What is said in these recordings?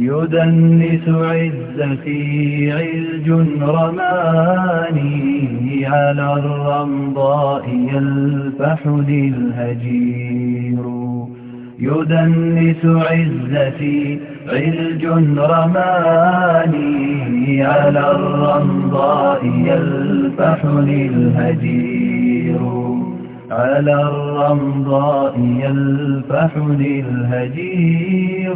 يدنس عزتي عز رماني على الرمضاء يلفح الهجير يدنس عزتي عرج رماني على الرمضاء يلفح الهجير على الرمضاء يلفحني الهجير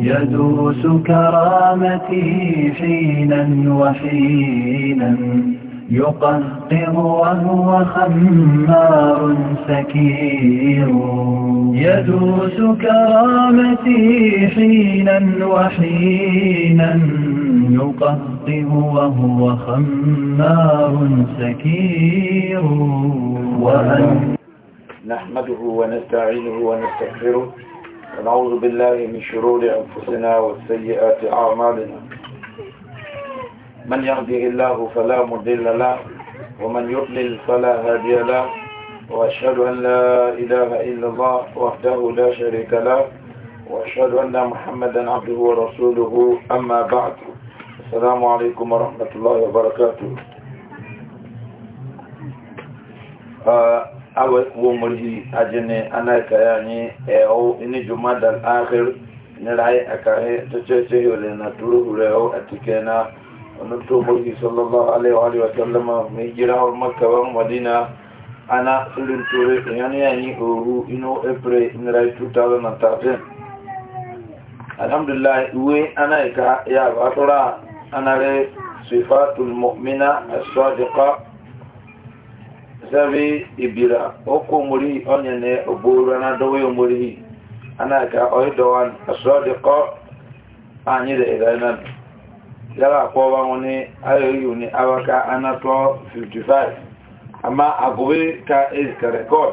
يدوس كرامتي حينا وحينا يقطر وهو خمار سكير يدوس كرامتي حينا وحينا يقطر وهو خمار سكير وأن نحمده ونستعينه ونستغفره ونعوذ بالله من شرور أنفسنا وسيئات أعمالنا من يهدي الله فلا مضل له ومن يضلل فلا هادي له وأشهد أن لا إله إلا الله وحده لا شريك له وأشهد أن محمدا عبده ورسوله أما بعد السلام عليكم ورحمة الله وبركاته آه، أول ومرجي أجني أنا كياني أو إني جمعة الآخر نرعي أكاهي تشيسيه لنا تروه له أتكينا wannan tobogi sallallahu alaihi wa sallama mai jirawar makaban madina ana irin ture yanayi oru ino april in rai 2013 alhamdulillah iwe ana ika ya ba tura ana rai sifatul mu'mina as-sadiqa sabi ibira oko muri onye ne oboro na dowe muri ana ka oidowan as-sadiqa anyi da idanan jara àpọ̀ wa wọn ní ayọ̀yọ̀ ní awaka anatọ́ 55 amma àgòwé ka ezika rẹ̀kọ́d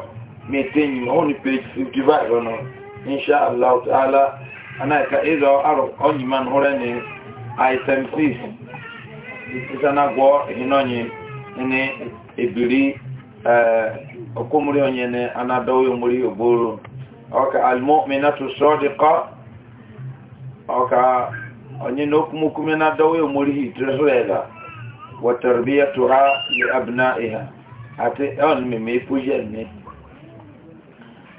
mẹ́tẹ́yìn wọ́n ní page 55 ọ̀nà inṣá aláwọ̀tàálá anáìka ezọ arọ̀ ọ̀nyìmá nìhúrẹ́ ní item 6 ìtìsánagwọ́ ìhìnọ́nyì ní ìbìrí eh, ọkọ̀mùrí ọ̀nyẹ ní anadọ́wọ́ omúrí ògbóró ọkà almọ́ mẹ́nàtò sọ́ọ́dẹ̀kọ́ ọkà أني نكمكم من الدواء مريه ترزوها وتربيتها لأبنائها حتى علم ميفوجني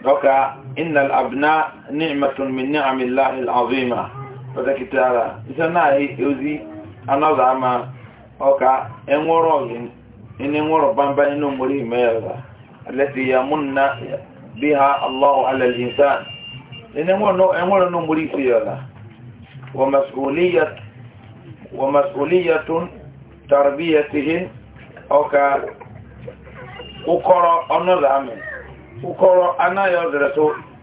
دوكا إن الأبناء نعمة من نعم الله العظيمة فذا كتالا إذا ناهي يوزي أنا زعما أوكا إنوروزين إن إنورو بامبا إنو مريه ميالا التي يمن بها الله على الإنسان إن إنورو نو مريه فيالا ومسؤولية ومسؤولية تربيتهم أوكا أقرأ أنا العمل أقرأ أنا يدرس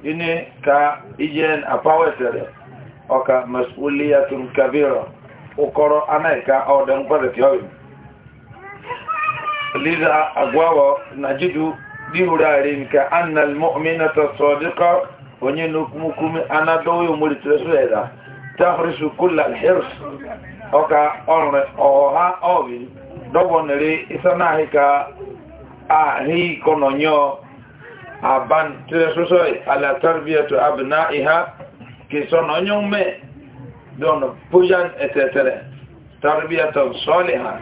إني كإجين أباوتر أوكا مسؤولية كبيرة أقرأ أنا كأودن قرأت يوم لذا أقوى نجد بهرارين كأن المؤمنة الصادقة ونينكمكم أنا دوي مرتلسوا هذا tahrisu kulla alhirs oka onre oha ovi dogonere isanahika ahi kononyo aban tire susoi ala tarbiyatu abnaiha kisononyo me don pujan etetere tarbiyatan soliha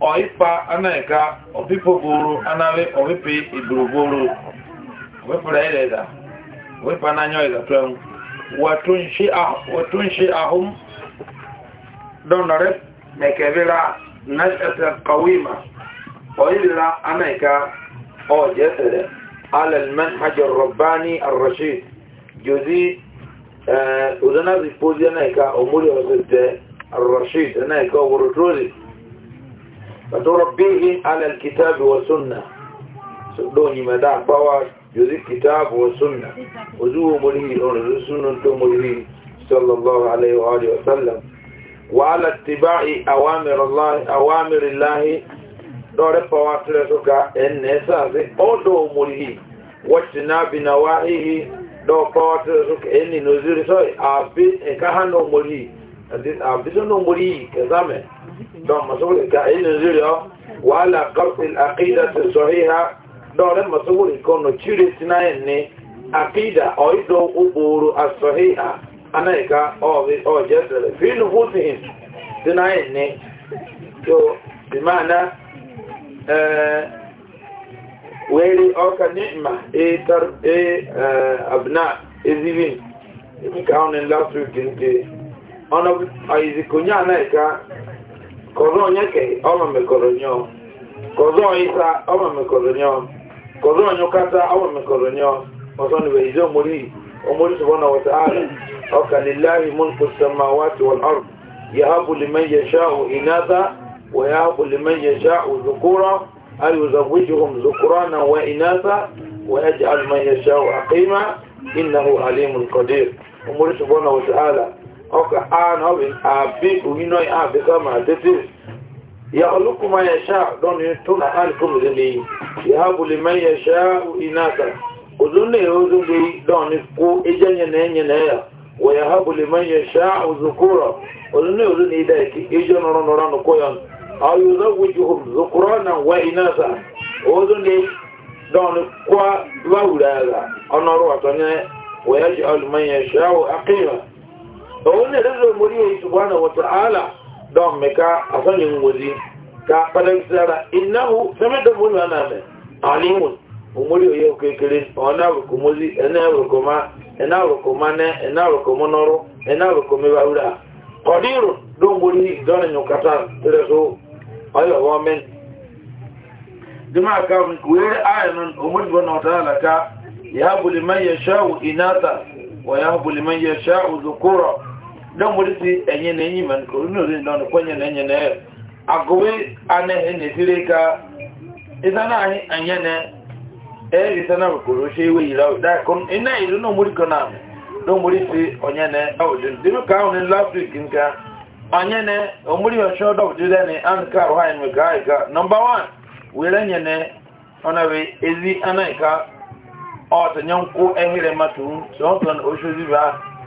oipa anaika opipo buru anawe opipi iburuburu opipo da ile da opipo ananyo ida tuengu وتنشئهم دون رب مكبرة نشأة قويمة وإلا أمريكا أو جسد على المنهج الرباني الرشيد جزيد آه، أذنا بيبوزي أنايكا أمولي وزد الرشيد أنايكا ورطوزي فتربيه على الكتاب والسنة سدوني مدى بواش جزي كتاب وسنة وزوه مليه ونزوه سنة مليه صلى الله عليه وآله وسلم وعلى اتباع أوامر الله أوامر الله دور فواتر سكا إساسي أوتو مليه واجتناب نواهيه دور فواتر سكا إني نزير سوي أبين إكهان مليه أبين مليه كزامن دور مسؤول إكهان نزير وعلى قرص الأقيدة الصحيحة dɔɔre masogori kɔnɔ kyire tena na ne akida ɔyidɔ obooro asɔhe ha anayika ɔɔbi ɔɔjɛ sɛlɛ ọ hotin tena yɛn so bimaana ɛɛ wɛri ɔka ne ma ee last week kọ̀rọ̀ ọ̀nyọ́ kátà awọ̀ mi kọ̀rọ̀ nyọ́ ọ̀sán ni wẹ̀yí jẹ́ omori omori sọ̀rọ̀ náà wọ̀tá ààrẹ ọkà líláhi múlùkù sẹ́mà wá ti wọ̀n ọ̀rọ̀ yahabu liman yasha'u inatha wa yahabu liman yasha'u dhukura ay yuzawwijuhum dhukurana wa inatha wa yaj'al man yasha'u aqima innahu alimun qadir omori sọ̀rọ̀ náà wọ̀tá ààrẹ ọkà ààrẹ ọ̀bìn àbí òyìnbó àbíkà máa tètè يخلق ما يشاء دون يتون حالكم ذني يهب لمن يشاء إناثا وذن يهوذن دي دون يفقو إجان ينهن ينهي ويهب لمن يشاء ذكورا وذن يهوذن إذاك إجان رنران قيان أو يزوجهم ذكرانا وإناثا وذن دي دون يفقو لولا هذا أنا روحتنا ويجعل من يشاء أقيما وذن يهوذن مريه سبحانه وتعالى don me ka asalin wuri ka fadan tsara innahu sama da mun wana me alimun umuri oye kekere ona rukumozi ena rukoma ena rukoma ne ena rukomo noro ena rukome baura qadiru don wuri don nyukata tere so ayo wa men dima ka kuere ayanun umuri bona taala ka yahabu liman yashau inata wa yahabu liman yashau dhukura dɔmɔrisi ɛnyɛ na enyi ma nkoro ní orí nɔnù kɔnyɛ na ɛnyɛ na agowe ka ìsana anyi na ɛyɛ koro ṣe ewe yìí lawo dáa kɔn ɛnna yìí ló dɔmɔri kan náà si ɔnyɛ na ɛwɔ dunu dèbí kaa wọn ní last week nka na dɛ an ɔha ka number one wɛrɛ nyɛ na ɔna bi ezi anayika ma tum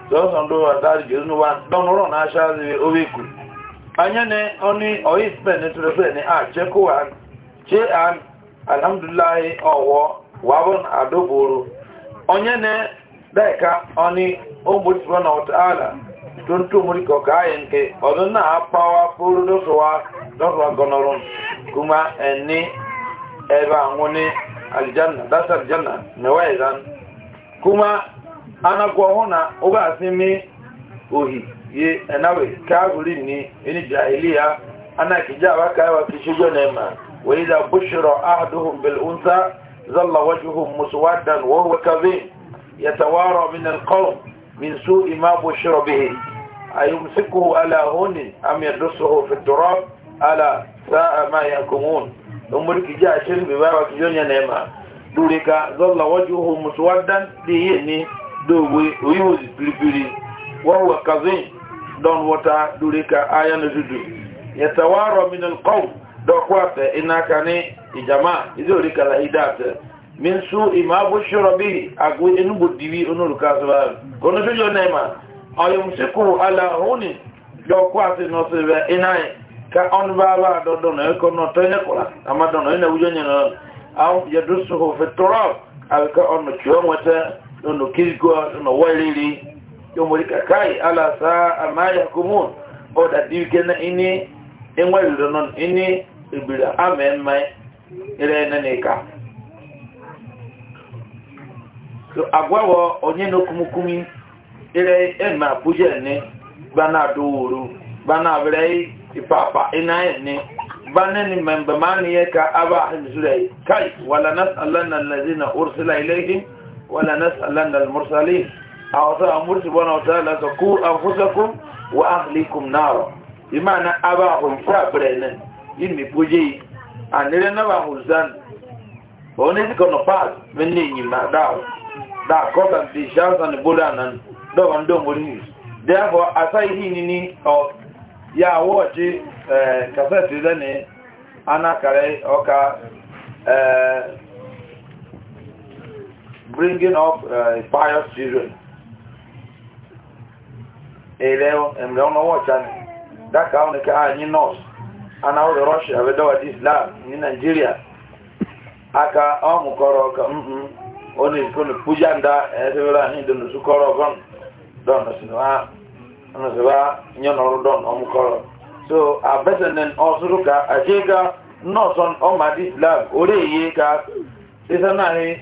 zọsọ ndị ụwa ndị ajụjụ n'ụwa dọnụrụ na asha azịghị owe iku anya ne ọnụ ọyị spen tụrụ spen a ah, chekụwa che an um, alhamdulilahi ọwọ oh, wabon adoboro onye oh, ne daika ọnụ ogbotibọ na ọtaala tuntun muri kọka ayị nke ọdụ oh, na-apawa ah, pụrụ dọtụwa dọtụwa gọnọrọ kuma ẹni ẹba àwọn ní aljanna dasa aljanna mẹwàá kuma anakọ ọhụ na ụgbọ asị mi ohi ye enawe kaabuli ni eni jahiliya ana kija wa kai wa kishugo ne ma wa idha bushira ahaduhum bil unsa zalla wajhuhu muswaddan wa huwa kadhib yatawara min al qawm min su'i ma bushira bihi ayumsikuhu ala huni am yadusuhu fi turab ala sa'a ma yakumun umur kija shin bi wa kishugo ne ma durika zalla wajhuhu muswaddan dihi ni dowe oyiwozi piripiri wahuwa kazin don wata dureka aya na dudu yatawaro min alqaw do kwata inaka ne ijama izorika la idata min su imabu shurabi agwe enubu diwi onuruka saba kono jojo nema ayumsiku ala huni do kwata no sebe inai ka on baba do do no ko no to ne kola ama do no ne wujo nyana aw yadusuhu fi turab alka on chuwa wata nono kirgo nono waliri yomori kai ala saa ama yakumun o da dirke na ini in waliri non ini ibira amen mai ire na ne ka so agwawo onye no kumukumi ire en ma puje ne bana duru bana bere ipapa ina ne bana ni membe mani ka aba hinzure kai wala nasallanna allazina ursila ilayhim ولا نسألن المرسلين أعطاء مرسل سبحانه وتعالى تقول أنفسكم وأهلكم نارا بمعنى أباهم فابرين يمي بوجي أن لنا وحزان ونحن كنا فاز من نيني ما داو دا كوتا دي شانسان بودانا دو أن دو مريس therefore aside hinini or ya watch eh cassette then anakare oka eh bringing up uh, pious children. Eleo, emleo no wachani. Daka hao nika haa nyinos. Ana hao Russia, ni Nigeria. Aka omukoro ka mm pujanda, esewela hindi nusukoro Don, nasinuwa, nyonoru don, omukoro. So, abesenen osuruka, ajega, noson lab Islam, ye ka, isa nahi,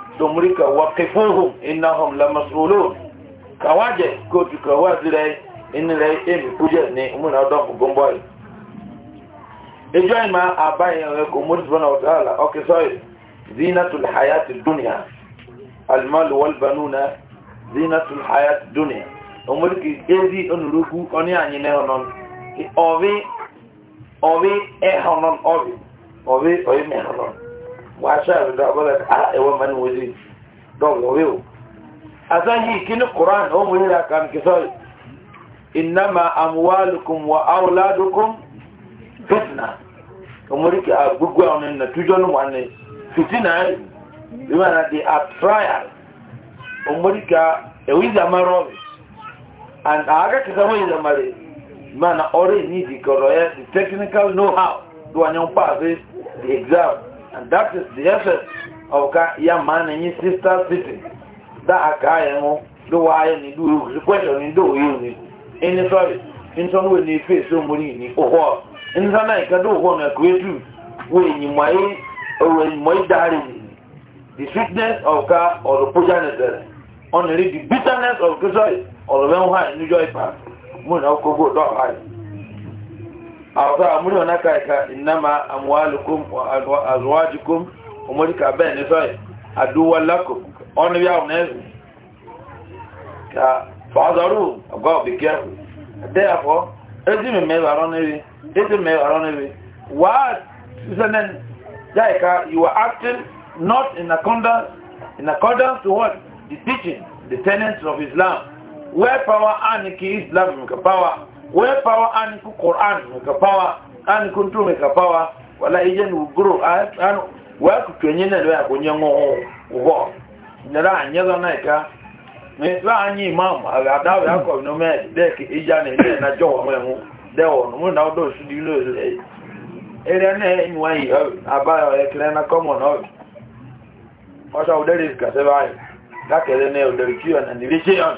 domurika waqifuhum innahum lamasulun kawaje ko ti kawaje re in re emi kuje ni mun odo ko gomboy ejo ma abaye re ko mo subhanahu wa ta'ala o ke soy zinatul hayatid dunya al mal wal banuna zinatul hayatid dunya omuriki ezi onuruku oni anyi ne honon ovi ovi e honon ovi ovi oyi me honon wàá ṣàrò dá ọbọlá ẹwọ mani wọlé dọwọ wẹ o asáyí kíní quran ó mú yíra kan kí sọ ìnáma amúwálùkùn wà áwòládùkùn fitna ọmọdékè agbègbè àwọn ẹnìyàn tújọ ní wọn ni fitina ẹ ìwé àná di a trial ọmọdékè ẹwí zamarọ and àákàkẹsẹ wọn yìí zamarẹ ìwé àná ọrẹ yìí di kọrọ ẹ the technical know how ló wà ní wọn pàṣẹ the exam. And that is the effort of ka ya man and his sister sitting. That a guy and do why and do the question and do you in the service. In some way, they face somebody oh, oh. in the In some night, I do want oh, to create you when you might or when you might The sweetness of ka or the progenitor. Only the bitterness of the or the one who is in joy path. Mun, I'll go go dog high afa amuni wana ka ka inama amwalukum wa azwajukum umuri ka ben ni sai aduwa lakum on ya unezu ka fazaru go be careful therefore ezi me me waron ni ezi me waron ni what isn't like you are acting not in accordance in accordance to what the teaching the tenets of islam where power anarchy islam power wepawa ani ku Qur'an mekapawa ani kuntu mekapawa wala ijen uguru anu waku kwenye na lwa kunyango uho nara anyaza na ka me la anyi imam ada ya ko no me de ki ija ne ne na jo wa mu de o no na odo su di lo e ere ne ni wa yi aba e kre na komo no o sa o de ri ka se bai e, ka ke ne o de ri ki na ni ri se on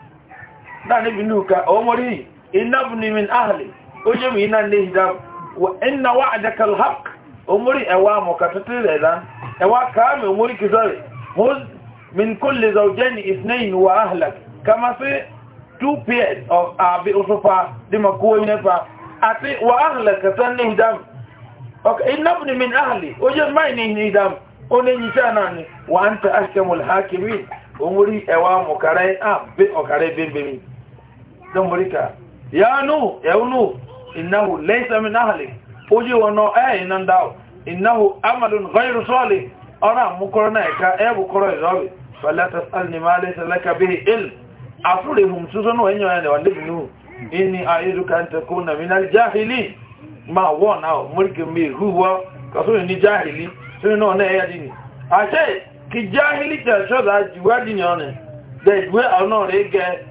náà níbi ní ìka ọmọrí inábùnimin ahàlì ó jẹ́ mi iná ní ìdá iná wá àjẹ́kàl hak ọmọrí ẹwà mọ̀ká tuntun rẹ̀ dá ẹwà káàmì ọmọrí kìsọ́rẹ̀ hos min kulle zaujeni isnayin wa ahlak kama sí two pairs of àbí òṣùpá dìmà kúwé nípa àti wa ahlak kàtán ní ìdá inábùnimin ahàlì ó jẹ́ máì ní ìdá oníyìn tí a náà ni wà ń ta aṣẹ́mùl hákìmí òmúrí ẹwà mọ̀kàrẹ́ àbí ọ̀kàrẹ́ bẹ́ẹ̀bẹ̀rẹ̀ don murika ya nu ya nu innahu laysa min ahli oje wono eh inan dawo innahu amalun ghayru salih ara mukorna ka e eh, bu koro izawi fala tasalni ma laysa laka bihi ilm afurihum susunu enyo ne walibnu inni a'iduka an takuna min al-jahilin ma wona murike mi huwa kaso ni jahili so no na ya dini ase ki jahili ta so da juwa one de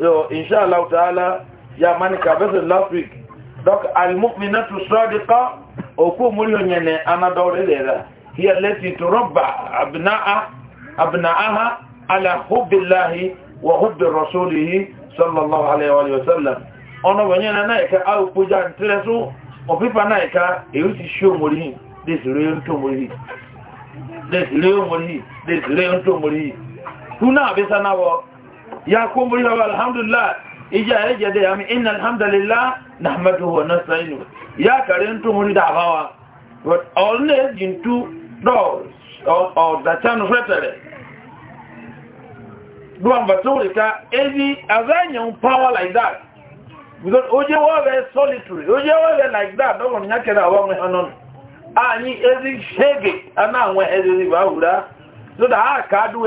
so inshallah ta'ala ya mani kabesa last week donc almu'minatu sadiqa oku muri onyene anadore lera hiya allati turabba abna'a abna'aha ala hubbillahi wa hubbi rasulih sallallahu alaihi wa sallam ono wonyene na eka au puja ntresu opipa na eka eyusi show muri this real to muri this real muri this real to muri tuna abesa nawo ya ko muri wa alhamdulillah ija ya jade ya mi inna alhamdulillah nahmaduhu wa ya karen to da but always doors or the channel frettere do am baturika any azanya power like that because oje wa very solitary oje wa very like that don't want nyakera wa we hanon ani ezi shege ana we ezi ba hura so that i can do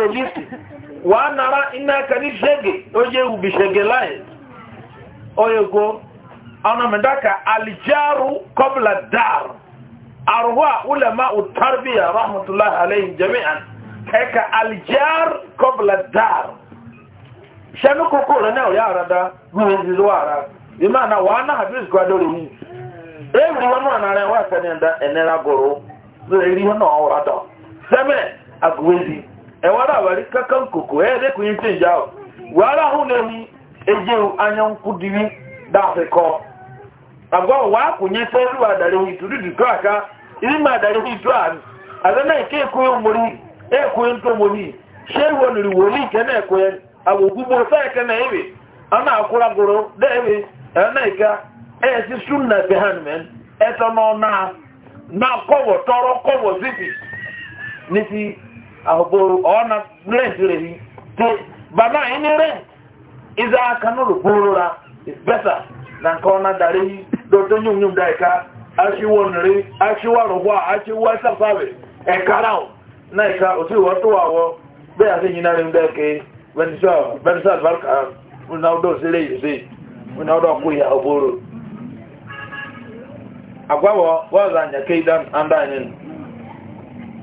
wa nara iná kàrí ṣẹ́gẹ̀ ó yẹ ubì ṣẹ́gẹ̀ láì oyego ọ̀nàmìdáka alìjáàrú kọ́bùlà dáàrù àrùwà ulẹ̀má utarbiya rahmatullahi alayhi jami'an kaika alìjáàr kọ́bùlà dáàrù ṣẹ́nu kókó rẹ̀ náà yà rádá ara ìmọ̀ àná wàá náà àbíyèsí kó adó rẹ̀ yìí èyí wọn náà goro wọ́n àṣẹ ní ẹ̀nẹ́ra gòrò lórí ewara wari kakan koko e eh, de kun tin jawo wara hu ne mi eje anyan kudiri da fe ko agwa wa kunye se ruwa dare hu tudu du to aka iri ma dare hu to an azana ke ko mori e ko nto mori se won ri woni ke na ko en awo gubo sa ke na ewe ana akura goro de ewe ana ika e eh, na sunna be han men e to no na na ko wo toro ko wo zibi niti ahoboro ọna rent te bana ẹni rent ìza aka is better na nke ọna dara ehi dọta nyom nyom da ẹka aṣiwo nri aṣiwo arụgbọ aṣiwo ẹsẹfàwẹ ẹkara ọ na ẹka otu ìwọ tó wà wọ bẹ́ẹ̀ àti ìyìn náà rí ń bẹ́ẹ̀ ké bẹ́ẹ̀ sọ àlùbáríkà ọ̀nà ọdọ̀ sílẹ̀ yìí sí ọ̀nà ọdọ̀ kú ìyá ọboro agwawọ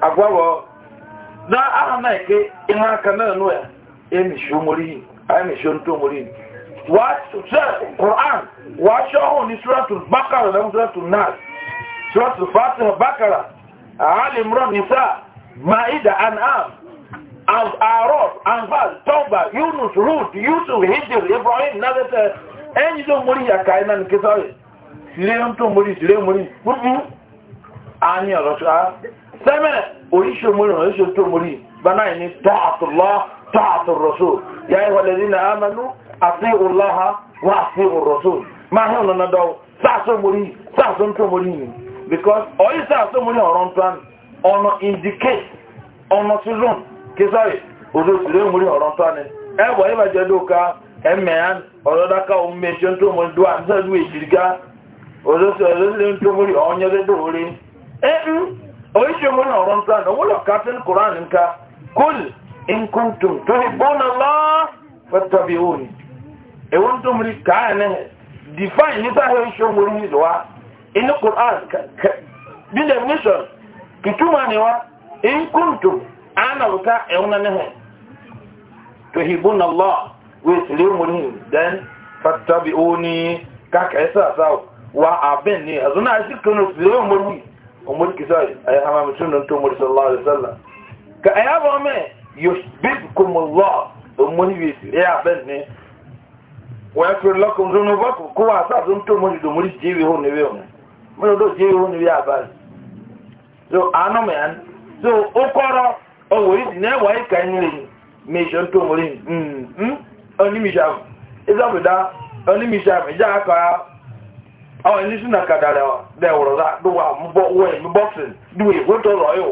agwagwo na aha na eke ihe aka na anu ya emishi omori emishi onto omori wa quran wa se ohun ni bakara na suratul nas suratul fatiha bakara ali imran nisa maida an'am as arab anfal tauba yunus rut yusuf hijr ibrahim na ẹni tó mórí ya iná ní na sọ́rọ̀ sílé ń tó mórí mori mórí gbogbo a ní ọ̀rọ̀ sẹ́mẹ̀ oríṣi omori hàn oríṣi tó omori gbaná yìí ní tààtùlá tààtùrọ̀sọ yà á ìwọlẹ̀ ní àmàlú àti ọláha wà àti ọrọ̀sọ máa hàn lọ́nà dọ́wọ́ sáàsọ omori sáàsọ tó omori yìí because ọ̀yí sáàsọ omori ọ̀rọ̀ ń tán ọ̀nà indicate ọ̀nà season kí sọ́ọ̀rì òdo ìṣẹ̀lẹ̀ omori ọ̀rọ̀ ń tán ni ẹ̀wọ̀ ìbàjẹ́ dóka ẹ̀mẹ̀yàn ọ̀rọ̀dáka omíṣẹ́ tó omori dùn àti tó omori oríṣi mú náà rán sáà náà wúlò kátún koran nǹka kúl nkuntum tó ní bọ́nà lọ fẹ́tọ́bí òní ewu tó mú káà ní hẹ define nípa oríṣi mú rí nílò wa inú koran bí definition kìtúmọ̀ ni wa nkuntum ánàlùká ẹ̀wọ̀n náà ní hẹ tó ní bọ́nà lọ wíṣìlì mú rí then fẹ́tọ́bí òní kákẹ́ sáà sáà wa àbẹ̀ ni ẹ̀zọ́nà àti kìnnìkan ló mú rí umur kisai ay hama sunan to umur sallallahu alaihi wasallam ka ayaba me yushbikum allah umur bi ya ben ne wa yakun lakum dhunubakum ku wa sa dum to umur do umur jiwi ho ne weo mo do jiwi ho ne ya ba so ano me an so okoro o wo yi ne wa yi kan ni me jo to umur mm mm oni mi jam izabuda oni mi jam ja ka àwọn ẹni sínú àkàdàrà dẹ̀wọ̀rọ̀ dùwà mbọ̀ wẹ̀ mbọ̀sìn dùwà ìwétò rọ̀yò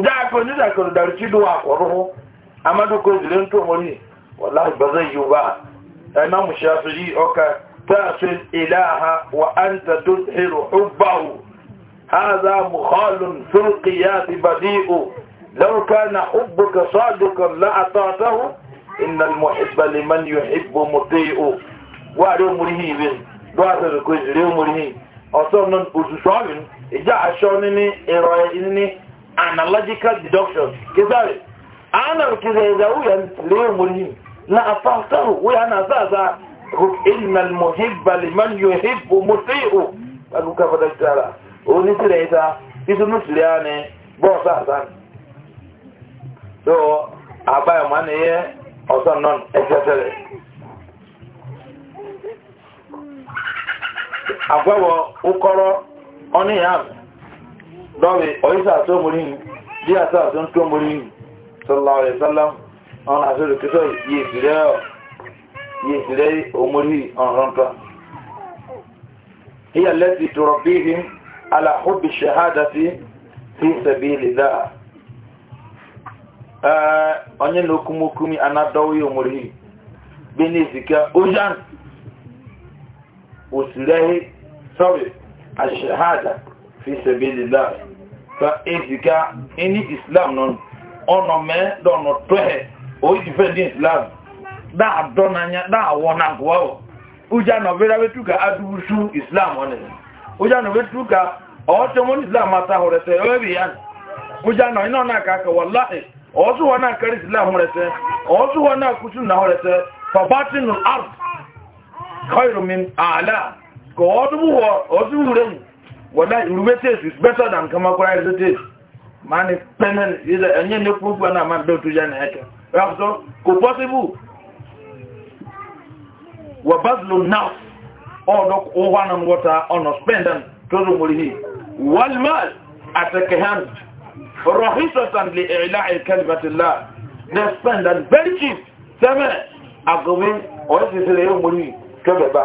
njẹ́ àkọ́ nínú àkọ́rọ̀ dàrú tí dùwà àkọ́rọ̀ hó amadu kò zìlẹ̀ ń tó mọ́lì wàlá ìbàzẹ́ yìí wà ẹ̀nà mùsàfì yìí ọkà tààsì ìlàhà wà áńtà tó hẹrù ọgbàwù hàzà mùhálùn fúrùkìyà ti bàdíò lọ́rùkánà ọgbùkà sọ́dùkà láàtọ̀ọ̀tọ̀ dọ́wọ́sọ̀ rẹ̀ kó omori hì ọ̀sọ́ òṣùṣọ́ ọ̀rìn ìjà aṣọ níní ẹ̀rọ ní analogical deduction kìsàrẹ̀ àánà kìsà ẹ̀dà wúyà omori hì na afáfáhù wúyà náà sáàsá ìlmà mọ̀hìbà yóò hìbò mọ̀síhù pẹ̀lú káfàdà ìta ìtúnú so àbáyọ̀mọ́ ni ọ̀sán náà ẹ̀ṣẹ̀ tẹ́lẹ̀ agwawo ụkọrọ ọnụ ya dọwe oyisa atọ mori di atọ atọ ntọ mori sallallahu alaihi sallam ọ na-azụrụ kịtọ ya esire omori ọrụ ntọ هي التي تربيهم على حب الشهادة في سبيل الله onye na-okumokumi anadọwa ya omori ojan osirehi sorry ashahada fi sabilillah fa ezika any islam non ono me dono tohe o defend islam da donanya da wona gwa uja no vera betuka adusu islam one uja no betuka o to mon islam ata hore se o bi yan uja no ina na ka ka wallahi o su wana ka islam hore se o su wana kusun na hore se fa batinul ard khairu min a'la ka ọdụmụ rẹ̀ wọ̀dá ìrùwé taste is better than kamakwarized taste ma ni pẹ́nẹ́n ilẹ̀ ẹ̀yẹ́ ní púpù náà ma dẹ̀ tó yẹ ní ẹ̀kẹ́ ráfẹ́ kò pọ́síbù wà bázlò náà ọ̀dọ̀ ọwọ́ na ngwọta ọ̀nà spendan tó rò mọ̀rí hì wàlmàl àtẹ̀kẹ̀hán rọ̀hísọ̀tàn lè ẹ̀lá ẹ̀kẹ́lìbàtìlá dẹ̀ spendan very cheap sẹ́mẹ̀ àgọ́wé ọ̀rẹ́sìsẹ́lẹ̀ yóò mọ̀rí kẹ́bẹ̀bá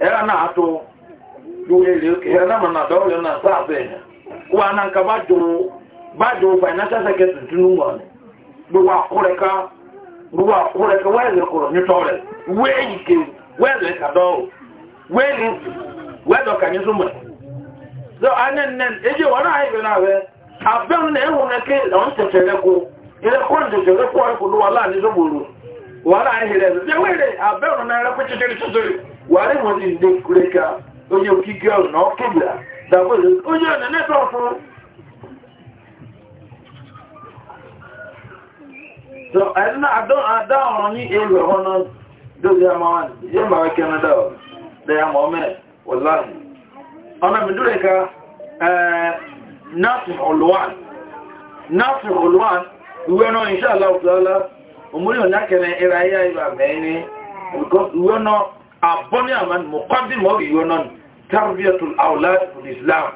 ẹ̀rọ na tó ẹ̀rọ náà nà dọ́ọ̀lẹ̀ náà sáàbẹ̀ wà náà ká bá jò financial secretary tinubu ọ̀nà gbogbo àkúrẹ́ká gbogbo àkúrẹ́ká wẹ́ẹ̀lẹ̀ kọ̀rọ̀ nítọ́rẹ̀ wẹ́ẹ̀yì ké wẹ́ẹ̀lẹ̀ kàdọ́ọ̀ wẹ́ẹ̀lì wẹ́ẹ̀dọ̀ kàní súnmọ̀ so anẹ́nẹ́ èjì e na náà ìbẹ̀ náà rẹ̀ àbẹ́rún náà ẹ̀hùn rẹ̀ ké ọ̀n ụwa kó ilẹ̀ kó ń tẹ̀tẹ̀rẹ̀ kó ẹ̀kọ́ ló wàhálà wọn ni ndé kúrẹ́ka onye okike ọ̀rọ̀ na ọkẹ́bìlà dàbọ̀lù onye ọ̀nà nẹ́tọ̀ fún. so àyẹ̀dẹ́ náà àdán àdá ọ̀rọ̀ ní èrò ọ̀họ́ náà dóbi àmà wọn yé mbà wá kẹ́ nàdà ọ̀ dẹ̀ àmà ọmọ ẹ̀ wọ̀lá ọ̀nà mìdúrẹ́ka nọ́ọ̀sì ọ̀lùwàn nọ́ọ̀sì ọ̀lùwàn ìwé náà ìṣàlá ọ̀tọ̀ ọ̀lá òmùrí ọ̀nà kẹ́rin ìrayé ìwà mẹ́rin ìwé náà abọ́ni àwọn mọ̀kọ́dí mọ́rí yóò náà tarbiyatul awlad fún islam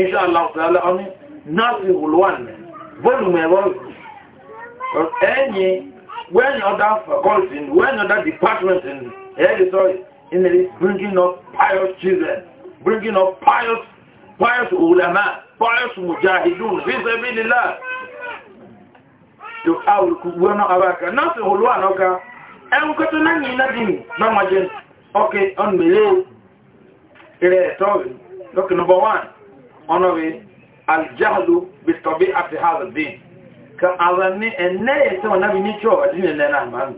insha allah ta'ala ọni nọ́ọ̀sì hulwan volume ẹ̀rọ any, when other faculty when other department in ẹ̀rí eh, sọ́rí in the bringing up pious children bringing up pious pious ulama pious mujahidun fi sabilillah to awul kugbọ́n náà abaka nọ́ọ̀sì hulwan ọka ẹ̀rùn kọ́tọ́ náà yìí náà dì ní bá wọn jẹ́ ọkẹ̀ ọ̀nmẹ̀lẹ́ ìrẹ̀ ẹ̀tọ́rì lọ́kẹ̀ nọmba wán ọ̀nọ̀rẹ̀ aljahlu bistobi àti hazardin ka ara ní ẹ̀nẹ́ ẹ̀tẹ́ wọn náà ní tí ọ̀rọ̀ dínà lẹ́nà àmàlù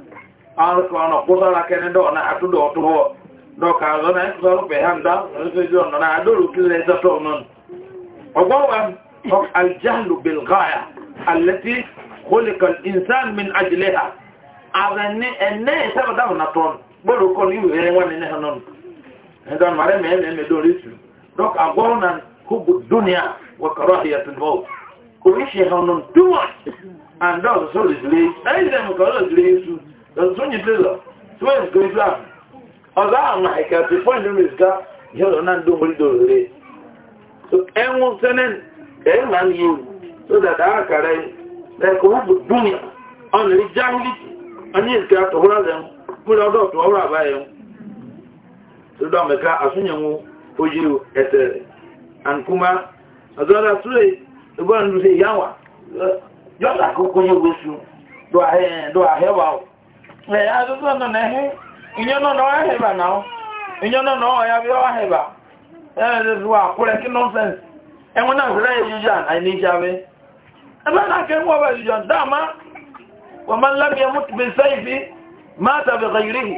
àwọn ọkọ̀ ọ̀nà kúrọ̀lá kẹ́ni dọ̀ọ̀nà àtúndọ̀ ọ̀tọ̀wọ̀ dọ̀ọ̀kà lọ́nà ẹ̀kọ́sọ̀rọ̀pẹ̀ hàndá ọ̀nà àdóòrò kílẹ̀ ẹ̀dọ́tọ̀ náà وضوءا الجهل بالغاية التي خلق الإنسان من أجلها أظن أنه سبب دعونا طول gbọ́dọ̀ kọ́ ní e nwanne wọn nínú ẹ̀hán náà ẹ̀dá màrẹ́ mẹ́rin ẹ̀mẹ́ lórí tù dọ́k àgbọ́n náà kóbò dúnìá wọ́kọ̀rọ̀ àyàtọ̀ bọ́ kò ní and dọ́k sọ̀rọ̀ ìdílé ẹ̀yìn dẹ̀ mọ̀kọ̀rọ̀ ìdílé yéṣu lọ́sọ̀nyí dé lọ twins kò ìdúrà ọ̀gá àmà ìkà ti pọ́ìntì rẹ̀ ṣá yọ̀rọ̀ náà dó mórí dò rẹ̀ ẹ̀wọ̀n sẹ́nẹ̀ na máa ń yé o so that àkàrà ẹ̀ kò wọ́n bò dúnìá ọ̀nà ìjáhùn múlẹ̀ ọdọ̀ tó ọrọ̀ àbáyẹn tó dọ̀ mẹ́ka àsúnyẹ̀wò oyè ẹ̀tẹ̀ ànkúmá ọ̀dọ́dà túlẹ̀ ìgbọ́n ní ṣe ìyáwà yọ́dà kókó yẹ wẹ́sù dọ̀ àhẹ́wà ọ̀ ẹ̀ ahịa e, nọ n'ẹ̀hẹ́ ìyẹn náà náà ọ̀hẹ́bà enwe na náà مات بغيره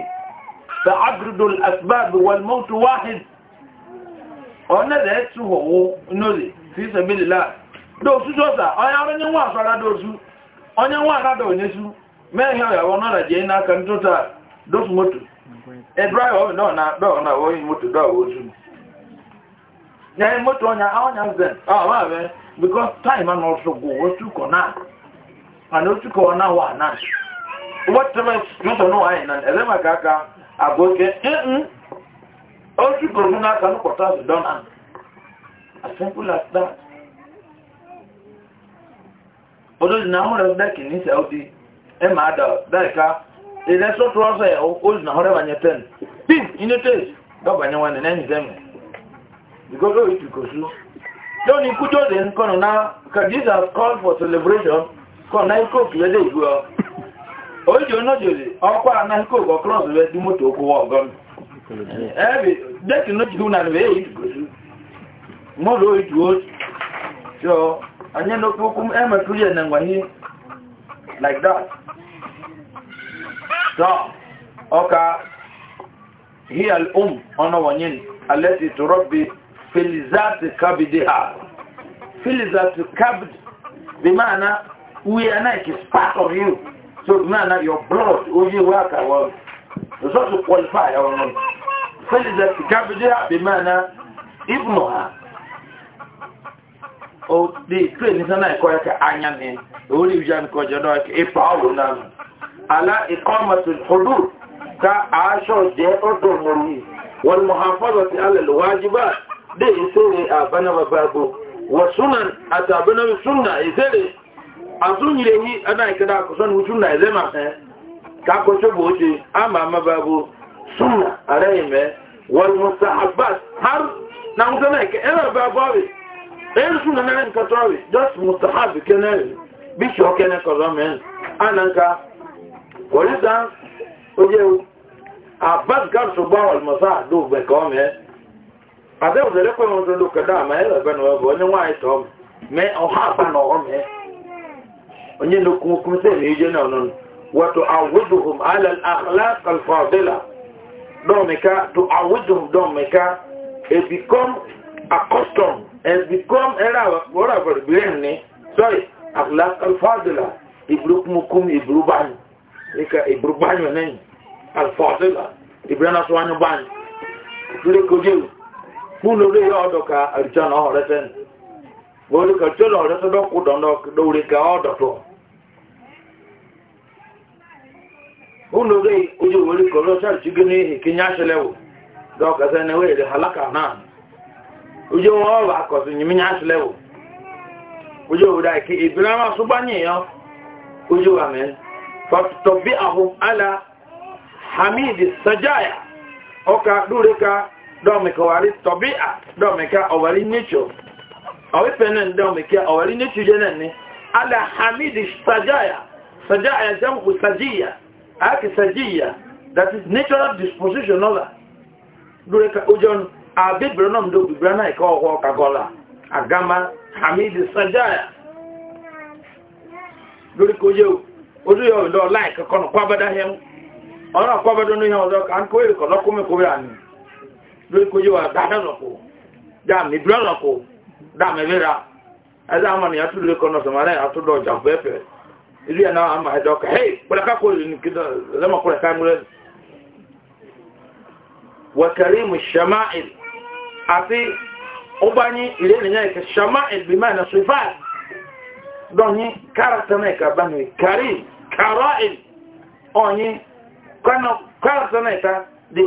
فعدد الأسباب والموت واحد ọ̀nà rẹ̀ tún họ̀wọ́ inúlẹ̀ fi sẹ̀bílì láà dóòsù sọ́sà ọ̀yàwó ní wọ́n àṣọ́ra dóòsù onye wọ́n àrádà na mẹ́rin ọ̀yàwó náà jẹ́ iná kan tó ta na mọ́tò ẹ̀dúráyọ̀ náà dọ́ọ̀nà wọ́yìn mọ́tò dọ́ọ̀wọ́ wọ́tẹ́mẹ̀ yóò náà àyìn and ẹ̀rẹ́ máa kàkà àgbókẹ́ ẹ̀hún ó sì gbòòrò náà kanú pọ̀tà don náà as simple as that olóòdì náà múlẹ̀ dẹ́kì ní sẹ́ọ́dí ẹ máa dà dáìka ilẹ̀ sọ́tún ọ̀sẹ̀ olóòdì náà rẹ̀ bàyẹ̀ tẹ́n pin inú tẹ́sì dọ́bàyẹ̀ wọn ní ẹ̀yìn sẹ́mi because ó yìí tìkọ̀ sí lónìí kújọ́ lè ń kọ́nù náà because this called for celebration kọ́nù náà ikú òkè ojú onájòlè ọkọ̀ anáhíkò ọkọ̀lọ́n rẹ̀ dí mọ́tò okòwò ọgọ́n ẹ̀bì dẹ́kì ló jùlọ nà rẹ̀ èyí mọ́lò ìjúwó ṣọ anyẹ́lọ́pọ̀kú ẹ̀mẹ̀túrí ẹ̀nà wáyé like that so ọka hiya al'um ọ̀nà wọ̀nyí alẹ́tì tó rọ́bì filizati kabidi ha filizati kabidi bí máa na are not kì part of you So now, now your blood, who oh, you work well, it's qualify, qualified or not. Say that the Kabbalah bimana uh, ibnuha. O oh, the train is not called like anya ni. Ori ujan ko That ke ipawo na. Ala iqamatul hudud ka asho je the mori. Wal muhafazati they alwajibat. Dai sai abana uh, babu. Wa sunan atabana sunna isere azụ nyere enyi anaghị kada akụsọ na uchu na eze ma ka akụsọ bụ oche ama amaba bụ suna araghị mee walmusa abbas har na nwụta na ike ebe abụ abụ na nkata ọrị just musa ha bụ kenel bishi ọkene kọrọ mee a nka kọrịta oye abbas kapsụ gba walmusa dị ogbe ka ọ mee ụzọ ebe na onye nwaanyị tọọ mee ọha onye na kuma kuma sai mai jina nan wato awuduhum ala akhlaq al-fadila don meka to awuduhum don meka it e become accustomed and e become era wora e barbiren ne sorry akhlaq al-fadila ibru kuma kuma ibru ban eka ibru ban ne al-fadila ibrana so anyo ban kule koje kuno le yodo ka arjana horeten bolu ka jolo horeten do ku don do do ka odo to ụlọ oge ojú were kọrọ chọọchị gị n'ihi ka nye achịlewụ dọkọta na were halaka na oji wọn ọrụ akọsị nyimi nye achịlewụ ojú obodo anyị ka ebiri ama sụgbanye ya oji wa mee fọtọbi ahụ ala hamid sajaya ọka dure ka dọmikọwari tọbi a dọmika ọwari necho ọwipenen dọmika ọwari necho jenene ala hamid sajaya sajaya jamku sajiya akisajiya that is natural disposition ọla lórí ka ojú ọnù àbíbìrì náà mdó agama hamidi sajaya lórí ka ojú ojú yọ ìlọ láì kọ́nà kwabada hẹn ọ̀nà kwabada ní ìhàn ọ̀dọ́ kan kó èrìkọ̀ lọ́kọ́mẹ́kọ́ rẹ̀ àní lórí ka ojú àdáná lọ́kọ́ dáàmì ìbìrì lọ́kọ́ dáàmì ìbìrì ẹ̀dá àmàlìyàn tó lórí kọ́nà sọ̀mọ́lẹ́ ili yana ama hedoka hey baraka ko zama kula kamula wa karimu shama'il ati obani ile ne nya ke shama'il bi maana sifat doni karata ne ka bani karim kara'il oni kana karata ne the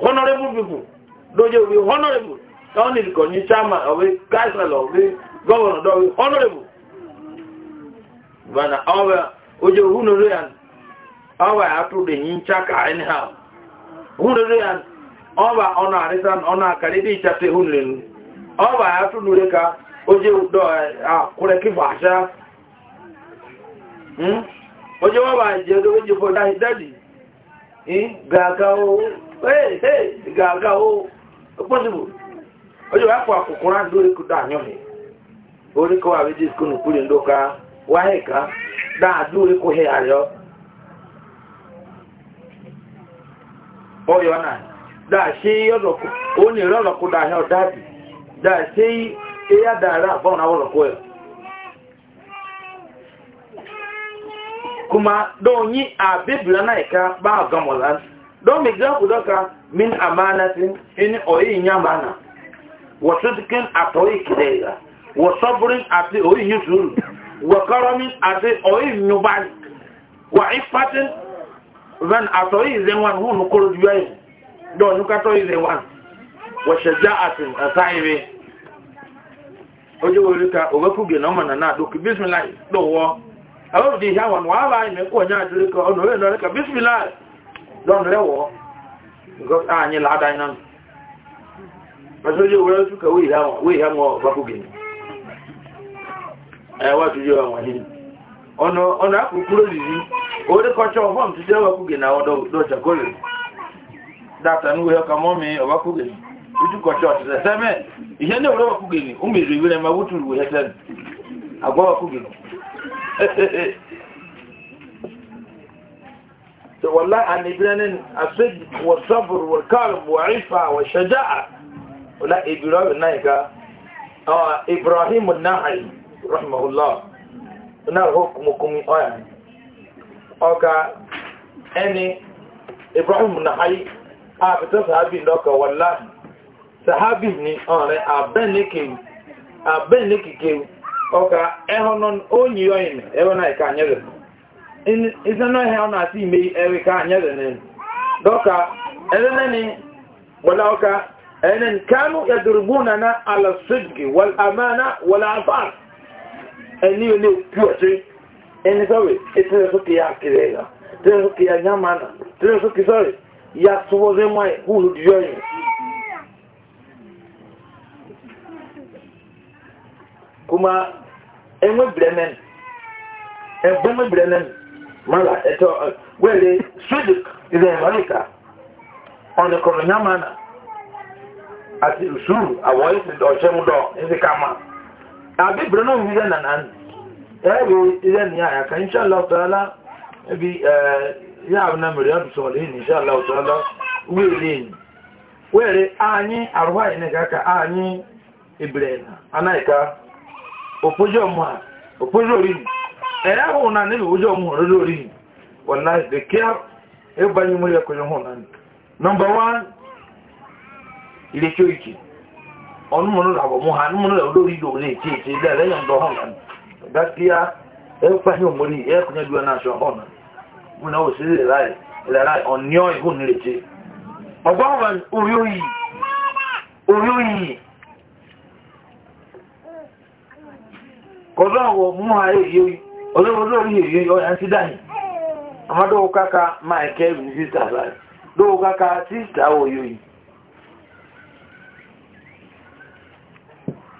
honorable people doje we honorable only ko honorable bana awa ojo huno ruyan awa atu de nyincha ka enha huno ruyan awa ona arisan ona karidi chate hunlen awa atu nureka ojo do a kure ki basha hm oje wa je do ojo fo dai dadi eh gaga o eh hey gaga o possible ojo wa ko akukuran do ikuda nyo he ori ko abi diskunu kuri ndoka wáyé kan dáadúró ikú hẹ àríọ́ ọyọ náà dáṣe ọlọ́kù ó ní ìrọ́ ọlọ́kù dáhẹ́ ọ̀dáàbì dáṣe ẹyà dára àbọ̀nà ọlọ́kù ẹ̀ kuma dọ́nyí àbíbìlá náà ẹ̀ka bá àgọ́mọ̀lá min wẹ̀kọ́rọ́mí àti ọ̀yìn nyúbá wà ìfàtín ven àtọ̀ ìzẹ̀ wọn hún kúrò jù ẹ̀ dọ̀ nukatọ̀ ìzẹ̀ wọn wọ̀ṣẹ̀já àti ẹ̀sá ìwé ojú orí ka òwẹ́kùgè náà mọ̀ nàná àdókè bísmìláì lọ́wọ́ àwọn òdì ìyá wọn wàá láì mẹ́kọ̀ ọ̀nyá àdúrí kan ọ̀nà òwe lọ́rẹ́ ka bísmìláì lọ́nà rẹ̀wọ̀ ààyè ládàá iná pẹ̀sẹ̀ ojú orí ka wíyà wọn wíyà wọn òwẹ́kùgè náà ẹwàtúyọ àwọn yìí ọ̀nà àkùkúrò yìí oríkọ̀ọ́chọ́ ọ̀fọ́m ti jẹ́ ọkùgẹ̀ na ọdọ́ọ̀ṣẹ̀kọ́lẹ̀ dátànúwẹ́ ọkà mọ́mí ọwákùgẹ̀ ojúkọ̀ọ́chọ́ ọ̀tẹ̀sẹ̀ sẹ́mẹ̀ ìṣẹ́ ní ọ̀rọ̀ ọkùgẹ̀ ni ó mèrè ìwé ẹmà wútùrù ẹsẹ̀ àgbọ́ọ̀kùgẹ̀ والله عن إبرانين الصدق والصبر والكرب والعفة والشجاعة ولا إبراهيم نايكا إبراهيم النحل rahimahullah na hukumukumi oya oka eni ibrahim na hayi a fita sahabi ndoka wallahi sahabi ni ọrẹ abenikewu oka ehonon onyi oyin ewe na ika anyere ise na ihe ọ na-asị ime ewe ka anyere ne doka eleneni wala oka enen kanu yadrubuna na ala sidqi wal amana wal afaf ẹni ilé pí ọ̀tí ẹni sọ́rọ̀ ẹtẹ́rẹ́ sókè yá kiri ẹ̀yà tẹ́rẹ́ sókè yá yá mánà tẹ́rẹ́ sókè sọ́rọ̀ yá sọ́wọ́dé máa hùlù dìjọ́ yìí. kuma enwe bremen ẹgbẹ́mẹ́ bremen mara ẹ̀tọ́ wẹ́lẹ̀ swedish ilẹ̀ america ọ̀nà kọ̀ọ̀nà yá mánà àti ìṣúrù àwọn ẹ̀sìn ọ̀ṣẹ́mú dọ̀ ẹ̀sìn ká máa. àbí ìbìrì náà wíwí ẹ̀nà náà ẹ̀rọ ilẹ̀ ní àyàkà inṣàlá ọ̀tọ̀lá ẹbí yà àwọn mẹ́rin ọdún sọ̀rọ̀ yìí inṣàlá ọ̀tọ̀lá wíìrì anyị arụwa yìí ka anyị ìbìrì ẹ̀nà anáìka òpójú a à òpójú orí mi ẹ̀yà ahụ̀ náà níbi òpójú ọmọ òróró orí mi wọ̀n náà the care ịbanye mú yẹ one ọdún mọ́nú làwọ̀ mú ha nínú lẹ́wọ́ lórí ìdò ní ètí ètí ilẹ̀ lẹ́yìn ọ̀dọ̀ hàn náà gákíá ẹ̀kọ́ ní òmòrí ẹ̀kùnrin ìdúrà náà ṣọ hàn náà wọn náà ò sí ilẹ̀ láì ilẹ̀ láì ọ̀nìyàn oyi ní ètí ọgbọ́n oyi ha sista oyi oyi.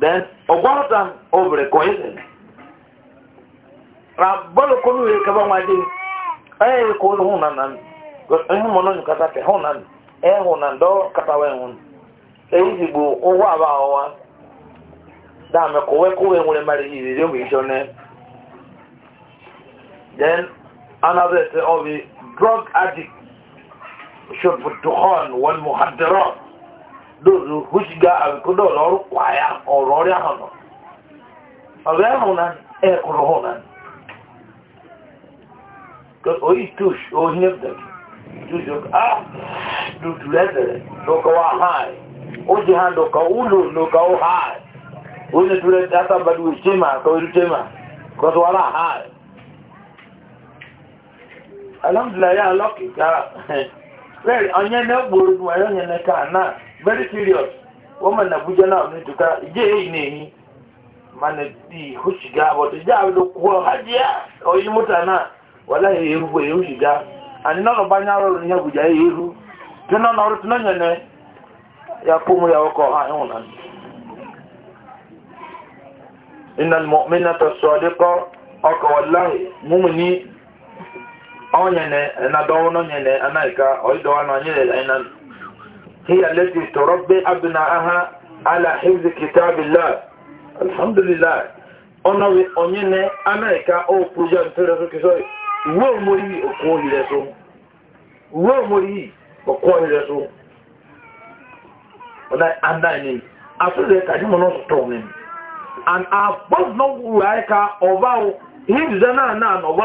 then ọgwọta obere kọ na bọọlụ kọ n'uwe kaba nwa dị onye yi kọ ụlọ hụ na nna m ihe hụ na na ndọ kata wee hụ eyi zigbo ụgwọ aba then another say ọ drug addict should put to one dozo hushiga abikodo lọrụ ya ọrụ ọrịa ha nọ ọrịa ahụ na ekuru hụ na oyi tush ohinye bdaki tush ok a dutu lẹsẹrẹ dọkọwa haị o ji ha dọkọ ụlọ dọkọ haị onye ture data badu chema ka oru chema kọsọwara haị alhamdulillah ya lọkị ka onye na-egboro onye na-eka naa very serious woman na abuja na ọdún tuka ah. na èyí mana di ihu shiga but ìjẹ àwọn olùkọ hajiya oyi mota náà wàlá èrú bọ èrú shiga àní náà lọ bá ní arọ ní abuja èrú tí náà lọrọ ya kó mu ya wọkọ ha ẹwọn náà. inna mọ̀mínà tó هي التي تربي أبناءها على حفظ كتاب الله الحمد لله ọ̀nà onye ní amẹ́ríkà ó pújọ nítorí sókè sọ ìwé òmórí òkú òhìrẹ́ tó ìwé òmórí òkú òhìrẹ́ tó ọ̀dá àdáyé àtúnṣe kàdímọ̀ and above no wùráìka ọba o ihe ìdíjẹ́ náà náà ọba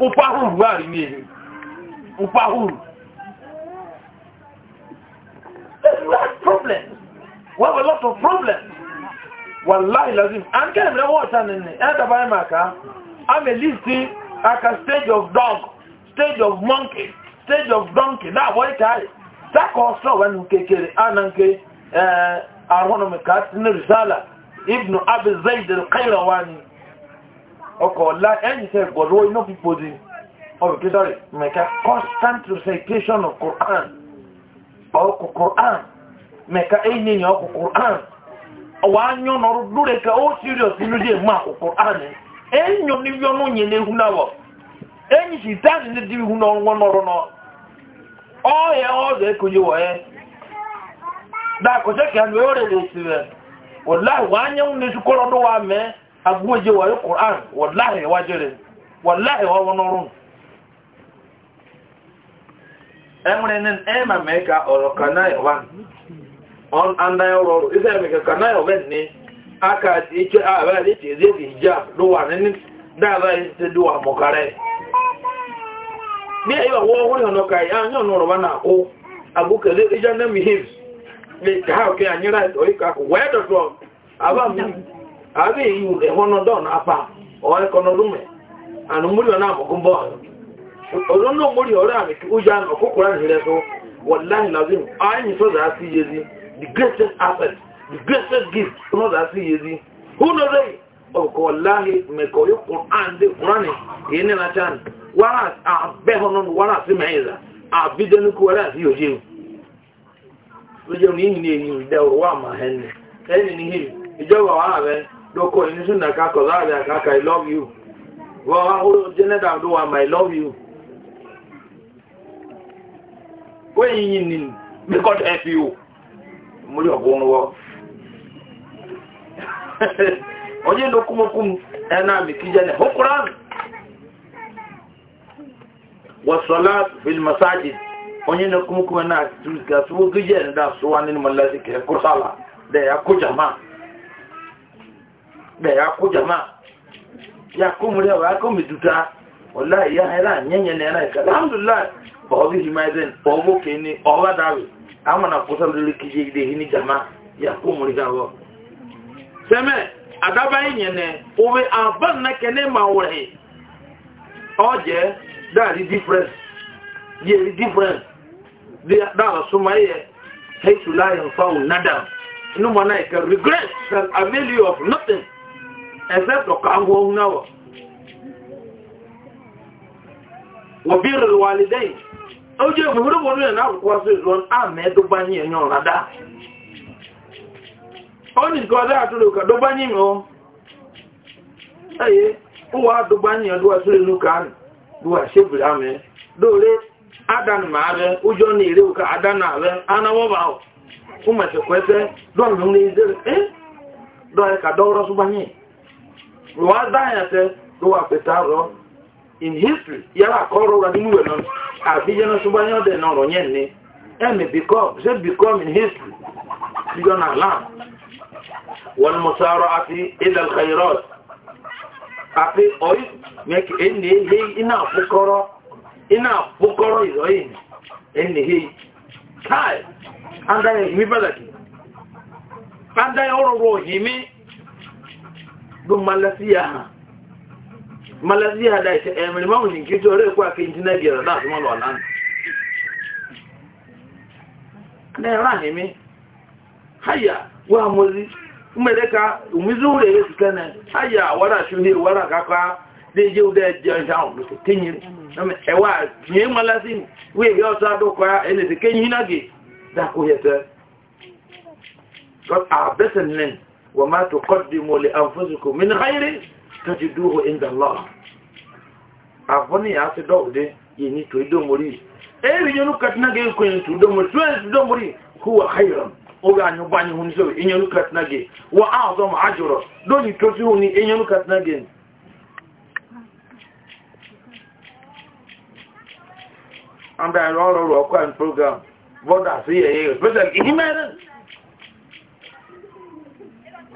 upahuru wà rí ní èyí upahuru you have problems we have a lot of problems wallahi lazim and kẹ́lẹ̀ mìíràn wọ́n ọ̀tá nìyẹn ẹ́dàbà ẹ̀ máa ká i'm a listing like a stage of dog stage of monkey stage of donkey náà wọ́n ìta rẹ̀ sákọ̀ ọ̀sọ̀ wẹ́n nù kékeré àná nke àrùn ọ̀nàmìkà nínú risala ibnu abizayid al-qayrawani ọkọ̀ ọ̀la ẹ̀yìn tẹ́ gbọ̀rọ̀ iná pípò di ọ̀rọ̀ kí constant recitation of Quran ọkọ̀ Quran mẹ́ka ẹ̀yìn ọkọ̀ Quran ọwọ́ anyọ́ nọrọ lórí ka ó serious nínú díẹ̀ mú àkọ̀ Quran ẹ̀yìn ní yọnu yẹn ní ihu náà wọ̀ ẹ̀yìn sì táàdì ní náà wọ́n náà ọ̀yẹ́ ọ̀dọ̀ wọ̀ ẹ́ lè sí rẹ̀ agbóhùnjẹ wà ní Qur'an wàláhì wájú rẹ̀ wàláhì wà wọn ọrùn ẹmúrin ní ẹ̀mà mẹ́ka ọ̀rọ̀ kanáyọ̀wá ọ̀n ọrụ ọ̀rọ̀ iṣẹ́ ẹ̀mẹ̀kẹ̀ kanáyọ̀wá ní aka ìṣe ààrẹ àdéṣe ìdéṣe ìjà ló wà nínú dáadáa yìí ti dùn àmọ̀kárẹ́ bí ẹ̀yọ̀ wọ́n wọ́n yọ̀nà kàyà yọ̀nà ọ̀rọ̀ wọn àkó agbókèlé ìjà náà mi hìf lè káàkiri ànyírà ìtọ̀ ìkà wẹ́ẹ̀dọ̀dọ̀ àbámi abe iyu ehono don apa o ekono rume anu muri ona mo gumbo no muri ora uja no kokura wallahi lazim so da si yezi the greatest asset the greatest gift no da si yezi who no dey o ko wallahi me ko yo na chan wala abe hono wala si meza abidenu ko wala si yoje ojo ni ni ni da wa ma hen ni doko inisu na kako lari akaka i love you wọ́n wá ó jẹ́nẹ́dà do wà my love you wẹ́yìn yìí ni because ẹ fi o mo yọ̀ bó ń wọ́ ọjọ́ kum. kúmọ́kúm ẹ̀nà mi kí jẹ́ ní hukuran wọ́sọ̀lá filimasáàjì onye na kúmọ́kúm ẹ̀nà àti tùrùkà sọ́wọ́ gíjẹ́ ẹ̀nà dá sọ́wọ́ nínú mọ́lẹ́sì kẹ́kọ́ sálà dẹ̀ ya kó jàmáà da ya jama'a ya ku murewa ya ku miduta wallahi ya haira nyenye na yana ikada alhamdulillah ba obi himaizin ba obo ke ni na kusa lori kije ide hini jama'a ya ku murika wo seme adaba yin ne obi aban na ma and found nada no regret that avail you of nothing except ọ̀kàwọ̀ náwọ̀ wọ̀bírí wàlìdẹ́yìn ó jẹ́ ìgbòmìnirò ní ẹ̀nà àkùkọ́ ó ní ìkọ́ ọdá àtúrò ìkà dógbányí mi ó ẹ̀yẹ ó wà dógbányí ọdúwà sí ìlú kàánì dúwà ṣébìrì àmẹ́ dóòrè adánimà rẹ̀ ójọ́ ní ìrẹ́ òkà adánà rẹ̀ anáwọ́bà ó mẹ̀sẹ̀kwẹ́sẹ́ wàá dáhìn ẹsẹ ló wà pẹ̀sẹ̀ àrọ in history yàrá àkọ́rọ̀ rà nínú ìwé náà àbí yẹn náà ṣùgbọ́n yẹn dẹ̀nà ọ̀rọ̀ yẹn ni ẹ̀mí become ṣe become in history ṣùgbọ́n náà làm wọn mọ̀sáárọ̀ àti ilẹ̀ kairot àti ọ̀yí mẹ́kì ẹni èyí iná àfúkọ́rọ́ iná àfúkọ́rọ́ ìrọ̀yìn ẹni èyí káì andáyẹ ìmí bẹ́lẹ̀ kì andáyẹ ọ̀rọ̀ wọ̀ yìí dum malasiya ha malasia da ise emiri eh, ma mun ki to re kwa ki ntina biyara da so lo nan ne ra ni haya wa mozi umeleka umizure yesu kana haya wara shi ne wara kaka de je ude je down lo tinyin e wa ni malasi we yo sa do kwa ele de kenyi na ge da ko yete God our best men وما تقدموا لأنفسكم من غير تجدوه عند الله أفني أتي دي يني تو دومري إيه ينو كاتنا جي كوين تو دومري تو دومري هو خيرا oge anyị hụ nso enyelu katina gị wa azọ ma ajụrụ doni tosi hụ ni enyelu katina gị and i rọrọ program bọda si ya ya especially ihe mere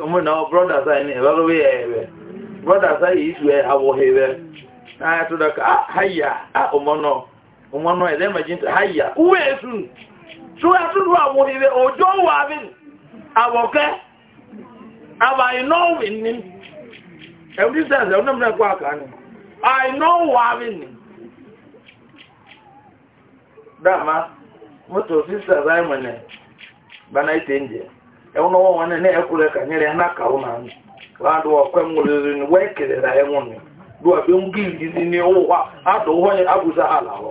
ụmụ na brothers anyị na-ewerewe ya ewe brothers anyị isu ya abụghị na n'anya tụrụ ka ah, haya ah, ụmụnọ ụmụnọ ya dema jinta haya uwe esu tụwa tụrụ abụghị ebe ojo ụwa abin abọke abaghị n'ọwụ nni every sense ẹ̀wọ́n náà kọ́ àkà ni i know wàhálì ni dàmà mọ́tò moto simon ẹ̀ bá náà ṣe ẹwọn ọwọ wọn náà ẹkọ rẹ kànyẹrẹ ẹnà kàwọn náà ní wọn àdó ọkọ ẹmu lórí ni wọn èkèrè rà ẹwọn ni ló wà bẹ ń gí ìdí ní owó wa àdó wọn yẹn abúzá àlàwọ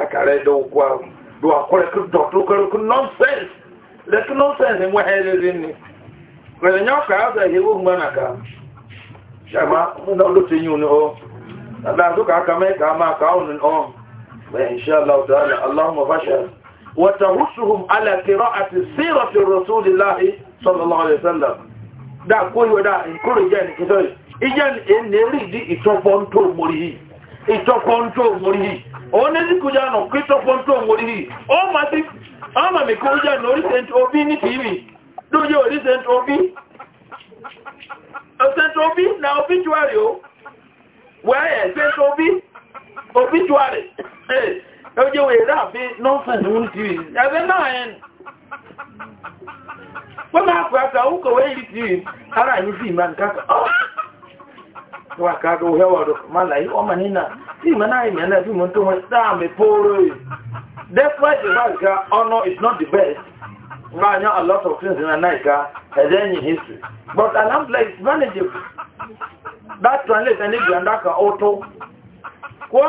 àkàrà ẹdọ òkú àwọn ló wà kọ nọnsẹns ni wọn ẹrẹ rẹ ni pẹlẹ ọkọ ayọsẹ wọn náà kà wọn náà ló ti yún ni ọ kàwọn ni ọ وتغشهم على قراءة سيرة الرسول الله صلى الله عليه وسلم دا كوي ودا كل جاني كتوي إجان إن نريد إتوفون تو مريه إتوفون تو مريه أونزي كجانو كتوفون تو مريه أو ما دي. أما مكو جانو ريسنت أوبي ني تيوي دو جو ريسنت أوبي ريسنت أوبي نا أوبي جواريو ويا ريسنت أوبي أوبي جواري ẹjẹ́ wòye ráàbí nọ́fẹ̀ẹ́sì wọ́n ti rí ẹgbẹ́ náà ẹn wọ́n máa pẹ̀ àtà òkò wé rí ti ara ìlú sí ìmá nìkàkà wà káàkiri òhẹ́ wọ̀dọ̀ máa láyé ọmọ nínà tí ìmọ̀ náà ìmọ̀ náà fíìmọ̀ tó wọ́n sáàmì pòórò yìí despite the fact that oh, honor is not the best wọ́n yán a lot of things in America ẹ̀dẹ́ ẹ̀yìn history but alhamdulillah is manageable that translates any grand auto kọ́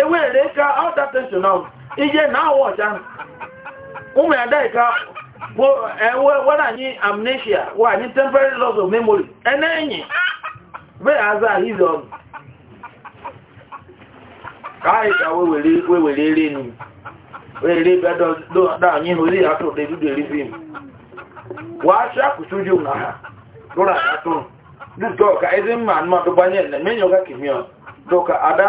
ewere ka ọta tension ahụ ije na awọ ọcha ụmụ ya daghị ka e, were anyị amnesia were anyị temporary loss of memory ene enyi be aza ahizi ọgụ ka anyị ka wewere ere enu were ebe da anyị hụ ezi atụ da ebido erizi m wàá ṣàkùsójú na ha lọ́rọ̀ àtúrù dùtọ̀ ka ezi mma anụmanụ gbanye na menyo ga kìmíọ̀ dụka ada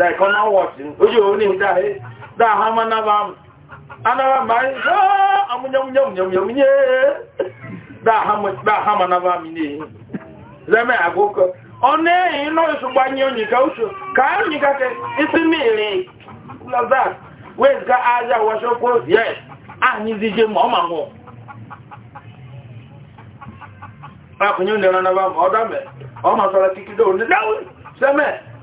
like come and watch him. Ojú òun ní ìdá ẹ̀ dáa ha máa náà bá mú. Anára máa ń sọ àmúnyẹmúnyẹmúnyẹmú yé. Dáa ha máa náà bá mi ní èyí. Lẹ́mẹ̀ àgókọ. Ọ̀nà èyí náà ìṣùgbà ní òyìnká oṣù. Kàá òyìnká kẹ isi ní ìrìn. Lazar, wẹ́ẹ̀sì ká ájá wọṣọ́ kó yẹ. Àyìn ti ṣe mọ́ ndị wọ̀. Báàkùn yóò nira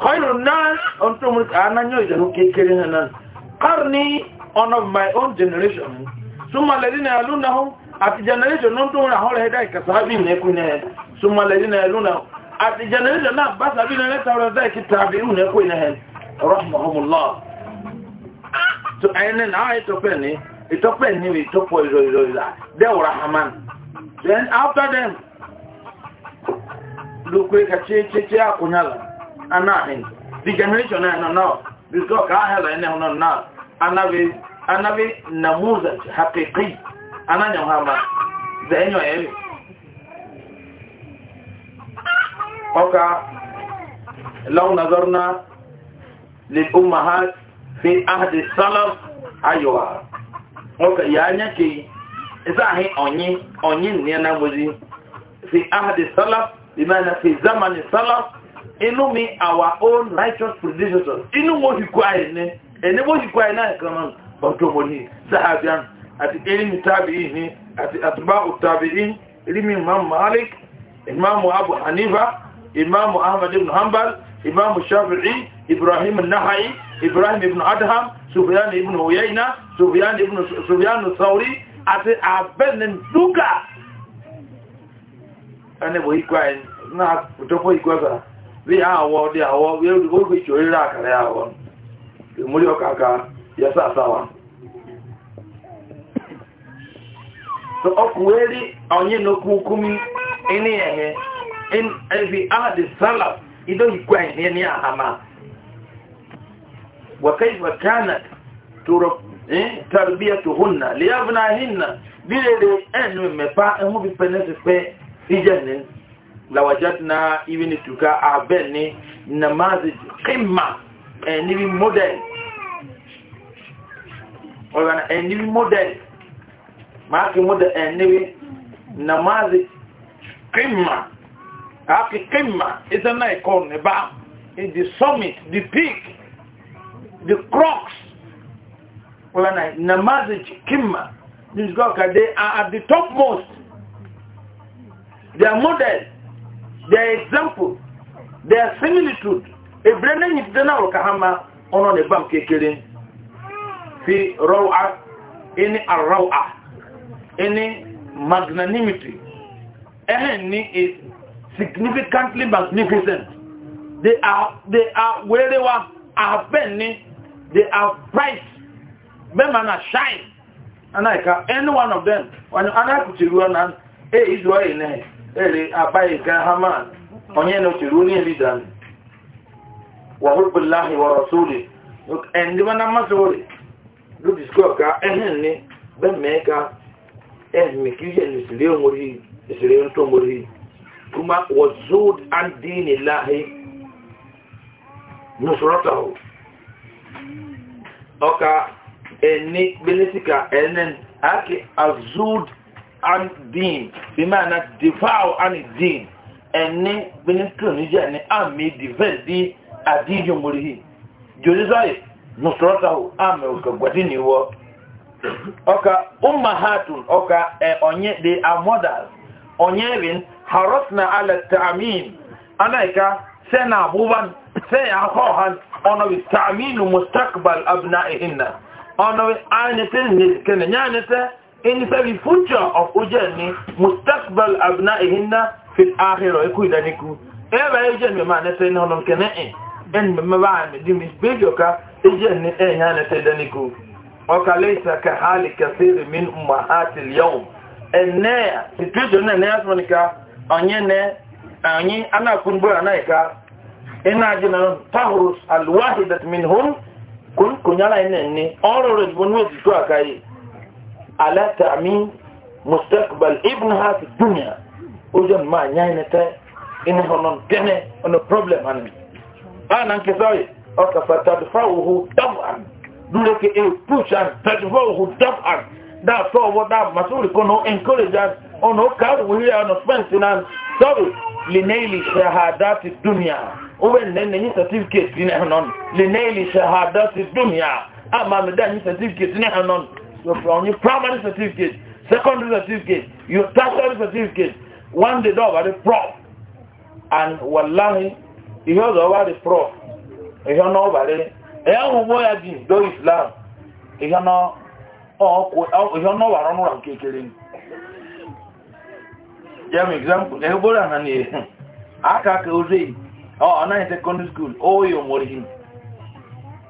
khairu nas unto ananyo idan kekere nan. qarni one of my own generation summa ladina yalunahum at generation unto na hore dai kasabi ne kunne summa ladina yalunahum at generation na basabi ne tawra dai kitabi ne kunne hen rahmahumullah to ainen ay to peni ito peni we to po izo izo ila de rahman then after them lukwe kache cheche akunyala anahin the generation eh, na no this go ka hela ene hono na anabi anabi namuza haqiqi ananya hama zenyo ele oka law nazarna lil ummahat fi ahdi salaf aywa oka yanya ki isahi onyi onyi ni na mozi fi ahdi salaf bimana fi zamani salaf inú mi our own righteous predecessors inú wọn ti kọ́ àyè ní ẹni wọ́n ti kọ́ àyè náà kan náà ọ̀dọ́ wọn ni sahabian àti elimi tabi'in ni àti atba'u tabi'in elimi imam malik imam abu hanifa imam ahmad ibn hanbal imam shafi'i ibrahim nahai ibrahim ibn adham sufyan ibn uyayna sufyan ibn sufyan thawri àti abẹ́ni duka. ẹni wọ́n ikú àyè náà ọ̀dọ́ wọn ikú àgbà bí àwọ̀ ọdí àwọ̀ orí rírà àkàrẹ àwọ̀ ìmúrí ọkàkà yẹsà sáwà so ọkùnrin rí ọ̀yẹ́ lókú kúmí ní ẹ̀yẹ ẹ̀fì áàdì sálà idó ìkú ní àhàmà wàkẹ́ ìwàkánà tòrò tàbíyà lè yàbùnà hìnà bí rèrè mẹ́fà lawajatna ibn tuka abeni namazij qimma eni bi model ọ̀rọ̀ eni bi model maaki model eni bi namazi qimma aki qimma isa na ikon ne ba in the summit the peak the crux ọ̀rọ̀ na namazij qimma this god ka they are at the topmost their model their example their similitude ebire na nyi dida na wɔ ka ha ma ɔno ne bam kekere fi rawa ɛne arawa ɛne magnanimity ɛhɛn ni is significantly magnificent they are they are werewa abɛnni they are bright bɛma na shine ana ɛka any one of them ɔno ana kutu ewu ɔnan ɛyɛ israel nɛɛ. ele abaye ga haman onye no ti lidan wa hubbu wa rasuli endi mana masori lu disko ka ehin ni be meka eh mi kije ni sile omori kuma wazud an dinillahi nusratahu eni benisika enen aki azud an din bi maana devour an din ɛne ministry niger ne ame defense di adi yomorihi jolisai nusorota o ame okagwadi ni wɔ ɔka umahatun ɔka ɛ ɔnye de amodas ɔnye bin na ala ta'amin anaika sɛna abuban sɛ akɔhan ɔnɔ bi ta'aminu mustakbal abna'ihinna ɔnɔ bi anete ne kene nyaanete in the future of ujenni mustaqbal abna'ihinna fil akhirah iku idaniku e ba ejen me ma ne se no nke na e en me ma ba me di mis bejo ka ejen ni e ha ne se daniku o ka laysa ka hali kathir min ummahat al yawm na situation ne asmanika onye ne onye ana kunbo ana ka ina jina tahrus al wahidat minhum kun kunyala ene ni ororo ni wonu ti ala ta'min mustaqbal ibnaha fi dunya ojon ma nyaina ta ina honon tene ono problem han anan ke sai o ka fatadfahu tab'an dule ke e pushan tadfahu tab'an da so wo da masuri kono encourage ono karu wi ya ono fence nan sorry linaili shahadati dunya uwe nene ni certificate ni honon linaili shahadati dunya ama me da ni certificate ni honon your, on your primary certificate, secondary certificate, your tertiary certificate, one day dog are the prop. And wallahi, ihe ọzọ wa the prop, ihe ọ n'ọbara, ihe ọmụmụ ya dị do Islam, ihe ọ n'ọbara ọnụ ụlọ nke ekele. Ya m example, ihe bụrụ na na aka ka ozi ọ anaghị secondary school, o yi omori hi.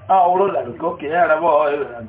A ọrụ lalụka okenye araba ọ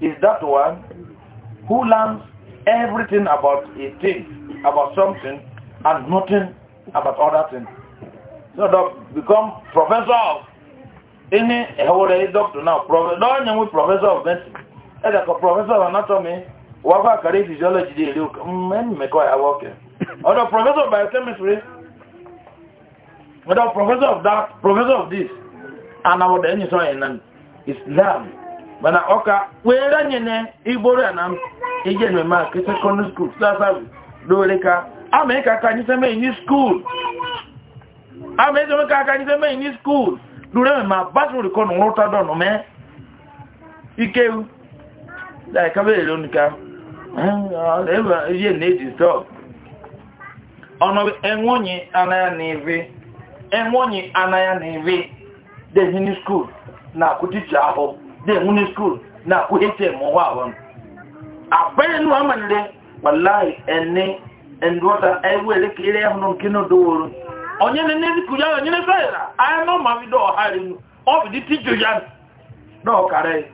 is that one who learns everything about a thing, about something, and nothing about other things. So they become professor of any holiday doctor now. Professor, don't you professor of medicine? And a professor of anatomy, what about career physiology? They look, men mm, make I work here. Or the professor of biochemistry, or the professor of that, professor of this, and about the any so in Islam. mana ọka were na igboro ya na ije mmemme a ke sekọndị skuul sasabi lóore ka ama ịka aka anyị seme enyi skuul ama ịseme ka aka anyị seme enyi skuul lóore mmemme a batụrụ rikọ na nwụrụta dọnụ mee ikewu daị kaba ere onika eh, eh, ihe na-eji stọọ ọnụ enwonyi anaya na ebe enwonyi anaya na ebe dị skuul na akụ ticha ahụ dey muni school na ku hece mu wa won wallahi enne endota ewe le kire hono kino doworo onye ne nezi kuja onye ne sayra aya no ma mi hari nu o di tijo ya do kare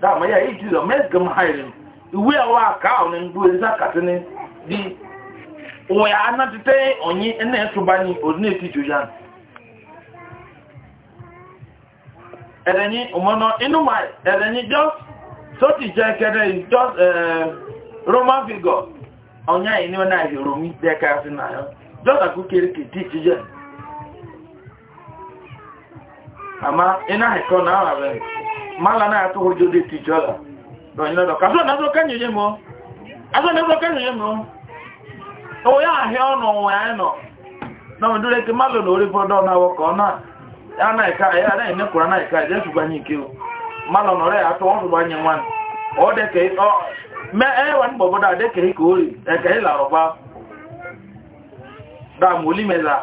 da ma ya iti do mes hari iwe awa ka eza di oya anatete onye ene odine tijo ẹ̀rẹ̀yìn ọmọnà inú ma ẹ̀rẹ̀yìn just so ti jẹ́ kẹrẹ just roman figure ọ̀nyá ìní ọ̀nà ìhòrò mi dẹ́ka sí náà just àkú kérékè tí ti jẹ́ àmá iná ẹ̀kọ́ náà wà bẹ̀rẹ̀ mọ́lá náà tó hojú dé ti jọ́lá lọ́yìn lọ́dọ̀ kásọ̀ náà tó mọ́ mọ́ àhẹ́ ọ̀nà náà ana ika ya ana ina kura na ika je suba ni kiu malo no re ato on suba nyen wan o de ke o me e wan bobo da de ke ko ri e ke la roba da moli meza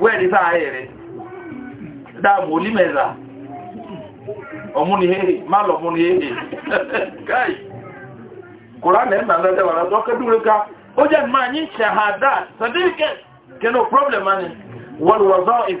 we di sa ere da moli meza omuni hehe malo muni hehe kai kura ne na da de wala do ke dure ka o je ma nyi shahada certificate ke no problem ani wal wazaif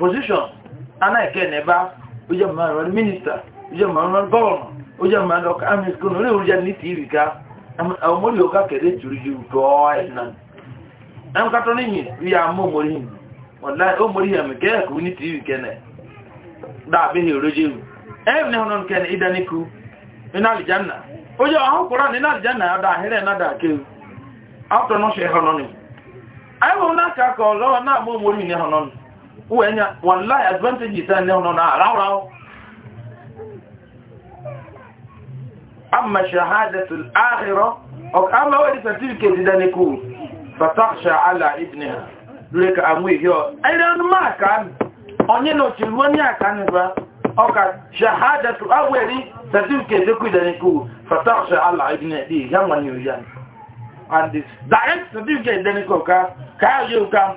position anaghịkwa n'eba ojú a, ẹ̀rọ ní mínísítà ojú ọmọ ẹ̀rọ ní gọ́ọ̀nù ojú ọmọ ẹ̀rọ ní iri ka ní orí ní tìrì ká àwọn ọmọ na ọkà kẹrẹ tìrì ju tọ́ ẹ̀ náà ẹ̀m kátó níyìn rí àmọ́ mọ́rí yìí wọ́n láì ó mọ́rí yàmì kẹ́ẹ̀kọ́ ní tìrì kẹ́nẹ̀ dàbí ìrọ́jẹ́ rù ẹ̀m ní uwenya wallahi advantage sana leo unaona rao rao amma shahadatu al ok amma kama di certificate ndani kuu fatakhsha ala ibniha leka amwi hiyo aidon makan onye no chilwani akan ba oka shahadatu awali certificate kuu ndani kuu fatakhsha ala ibnihi yamani yujan and this direct certificate ndani kuu ka kayo ka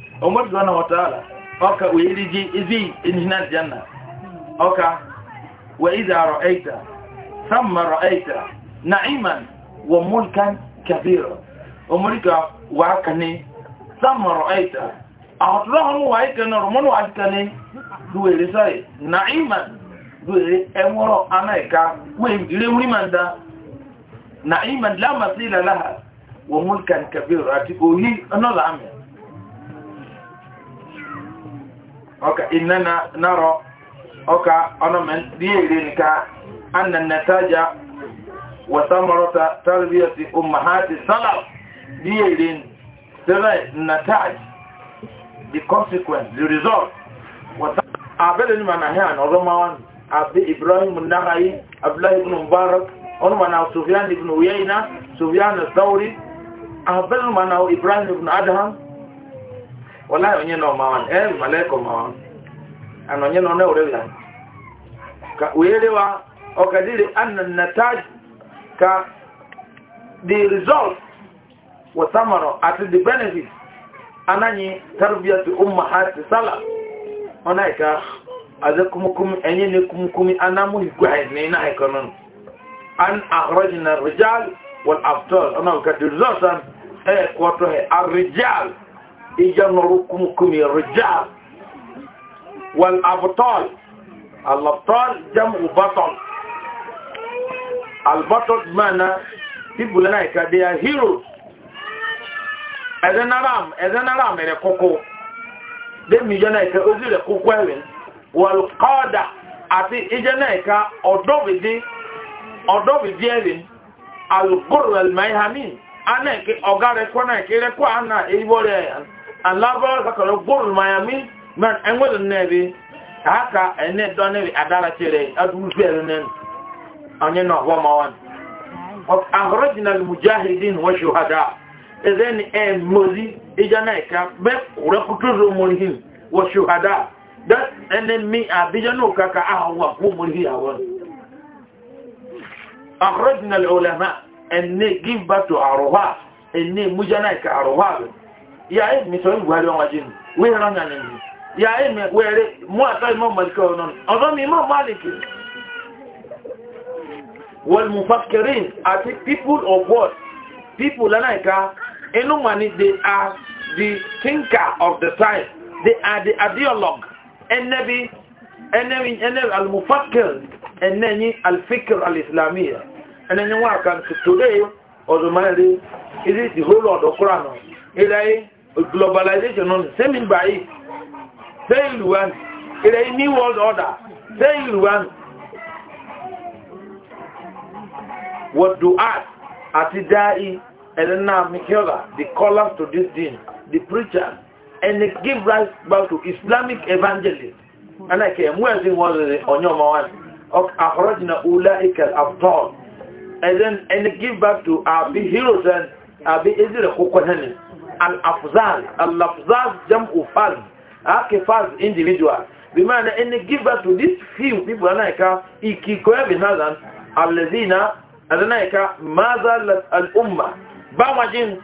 umar subhanahu wa ta'ala oka uiriji izi injina janna oka wa idha ra'aita thumma ra'aita na'iman wa mulkan kabira umrika wa kane thumma ra'aita ahotrohon wa ikene romon wa ikene duere sai na'iman duere enworo anaika we ile murimanda na'iman la masila laha wa mulkan kabira ati ohi anola amen ọka iná narọ ọka ọnọmọdé díèrè nìka anna nataja wasamarota tarbiyati umahati salaf díèrè sẹ́rẹ̀ nataj the consequence the result abẹ́lẹ̀ ní mana hẹ́ àná ọdọ́mọ wọn abẹ́ ibrahim nahayi abdullahi ibn mubarak ọdún mana sofiyan ibn uyayna sofiyan sauri abẹ́lẹ̀ mana ibrahim ibn adham wala onye na ọmawa eh maleko mawa ana onye na ọrịa ya ka werewa ọkadiri annan nataj ka the result wa samara at the benefit ananyi tarbiyatu ummahat sala ona ka azakumukum enye ne kumukum anamu igwai ne na ekonon an akhrajna rijal wal aftal ona ka the result an eh kwato he ar rijal يجمعكم الرجال والأبطال الأبطال جمع بطل البطل معنى people like they are heroes ẹ̀dẹ́n aram ẹ̀dẹ́n aram ẹ̀rẹ̀ koko dẹ́mi ìjọ náà re koko rẹ̀ kókó ẹ̀rẹ̀ wọ̀lùkọ́ọ̀dà àti ìjọ náà ẹ̀ka ọ̀dọ́bìdí ọ̀dọ́bìdí ẹ̀rẹ̀ alùgbòrò ẹ̀lmẹ́hàmí anẹ́ẹ̀kẹ́ ọ̀gá rẹ̀ kọ́ náà alaba kakaro gboro miami man enwere nnebi aka ene donere adara chere adurufere nen onye na ọgbọ mawan akhrajna almujahidin wa shuhada idan e mozi ijana ika be rekuturu murihin wa shuhada that ene mi abijanu kaka ahwa ku murihi awon ah, akhrajna alulama ene give back to arwa ene mujana ika arwa ya yi e mi sɔn buhari ɔn wajen wo yɛrɛ ŋa ne mi ya yi e mi wɛrɛ mu ata yi ma malika ɔnɔ ɔnɔ mi ma maliki wɔl mu fakirin ati people of world people lana yi ka inu mani they are the thinker of the time they are the ideologue ɛnɛbi ɛnɛbi ɛnɛbi almufakir ɛnɛnyi alfikir alislamiya ɛnɛnyi wa kan today ɔdɔmɔ yɛrɛ it is the whole of the quran ɛrɛ yi globalization on same in by same one it a new world order same one. what do us ati dai elena mikela the callers to this thing the preacher and they give rise back to islamic evangelist. and I came where like a mwezi waziri onyoma wani akhrajna ulaika al-abtal and then and it give back to our heroes and abi izira kokonani al-afzaz al-afzaz jam'u faz ake faz individual bi maana any give birth to these few people anaika ikikoya binadhan alladhina anaika madha al-umma ba majin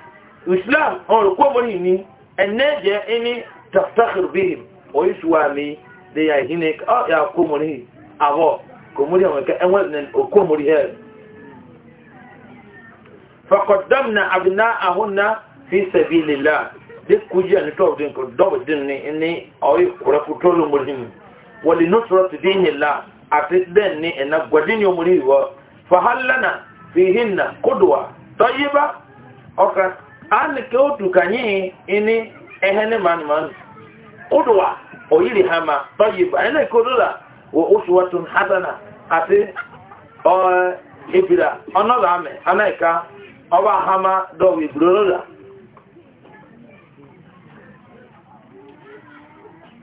islam on ko boni ni eneje ini taftakhir bihim oiswami de ya hinek oh ya ko moni abo ko moni onka enwel nen ko moni he فقدمنا أبناءهن fi sabilillah de kuji ani tɔw den ko dɔw den ni ni aw ye kɔrɔfu tɔlu mɔri ni wali n'o sɔrɔ ti den ni la a ti den ni ɛna gɔdin yɔ mɔri wɔ fa hali fi hin na ko do wa tɔyiba ɔ ka ani ke o tu ka nyi ni ɛhɛ ne ma ni ma ni ko do wa o yiri hama tɔyiba ɛna ko do la wa o suwa tun hasana a ti ɔɔ ebira ɔnɔ la mɛ ana yi ka ɔba hama dɔw ye la.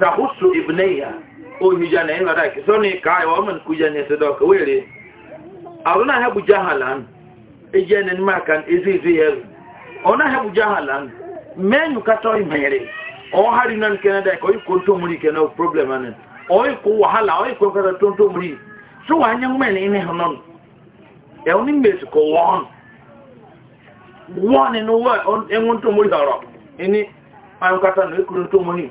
tahusu ibneya onyijan na ina daki so ni kai wa man kuja ne se doka wele aruna habu jahalan ejen ni izi izizi yel ona habu jahalan menu kato imere o hari nan kenada ko ko to muri kenau problem anen o ko wahala o ko kata to to muri so wa nyang men ine honon e oni mes ko won won in the world on enwon to muri haro ini ayukata no ikuru to muri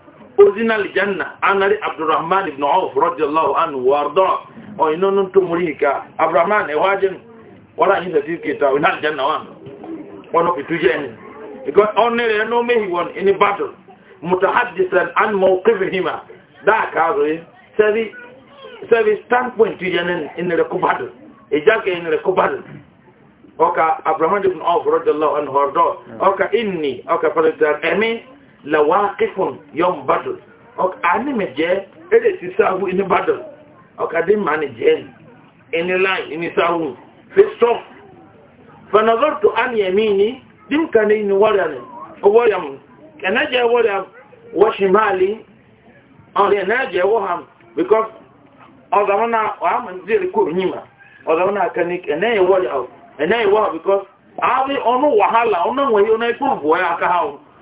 original janna anari abdurrahman ibn auf radiyallahu anhu warda o ino nun to murika abdurrahman e wajin wala ni certificate ta inal janna wan wono pituje ni because onere no mehi won in battle mutahaddisan an mawqifihima da ka zo yi eh. sabi sabi standpoint tu yanin in the battle e jake in the battle oka abdurrahman ibn auf radiyallahu anhu warda oka inni oka palitar emi lawakifun yom badr ok ani me je ele ti sahu ini badr ok adi mani je ini line ini sahu face off fa nazartu an yamini dim kane warani owoyam kana je wariyam wa shimali on na je because ọzọmọna ọhamun zai kúrò nyima ọzọmọna kanik ẹnẹ ìwọ ẹnẹ ìwọ wàhálà ikú ya aka ha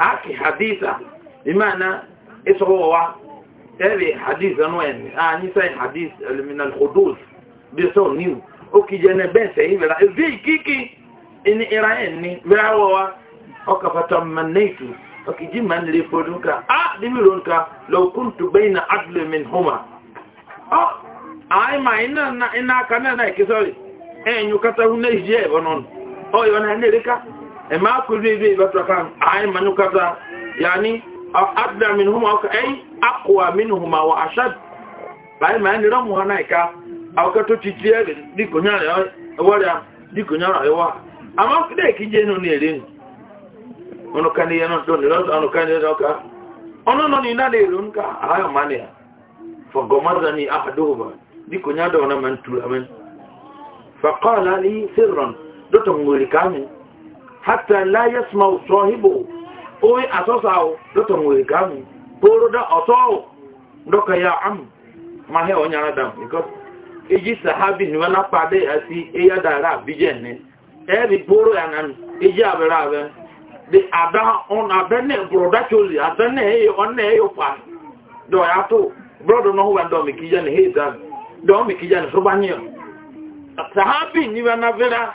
aki hadisa bimaana isogo wa tele hadisa no en ah ni sai hadis min al hudud bi so new okijene bese hivi la vi kiki in iraen ni brawo wa okafatamannaitu okijima nilipoduka ah dimironka law kuntu baina adl minhuma ah ai ma ina ina kana na kisori enyu kata hunai je bonon oyo na nerika ma kuzizi batakan ay manu kaza yani adda minhuma ka ay aqwa minhuma wa ashad bai ma ni ramu hanaika aw ka to titiye di kunya ya wala di kunya ya wa ama kide kije no ne rin ono kan ya no do ni ro ono kan ya hatta la yasma sahibu o asosa o doto mo ga mu poro da oto doka ya am ma he onya na dam because eji sahabi ni wala pade asi eya dara bijen ni e bi poro ya nan eji abera abe de ada on abene broda choli adene e on e yo pa do ya to brodo no wa do mi kijan he dan do mi kijan so banyo sahabi ni wala vera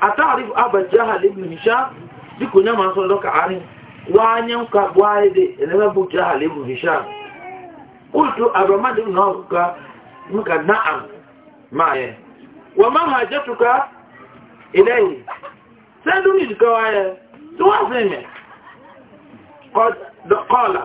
atarifu aban jahal ibn hisham diko nyama so doka ari wanyan ka gwaide elema bu jahal ibn hisham qultu abamad ibn hawka muka na'am maye wa ma hajatuka ilayhi saduni dikawaye tuwaseme qad qala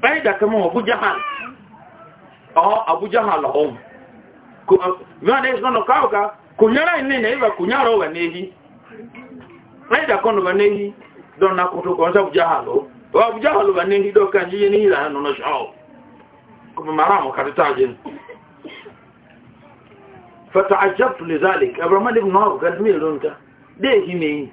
faida kama Abu Jahal oh Abu Jahal home vana hizo na kauka kunyara nini hivi kunyara wa nehi faida kono wa nehi don na kutoka kwa Abu Jahal wa Abu Jahal wa nehi do kanji ni ila na shao kuma maramo katataje fata'ajjabtu lidhalik abrahman ibn nawf kadmi lunta dehi ni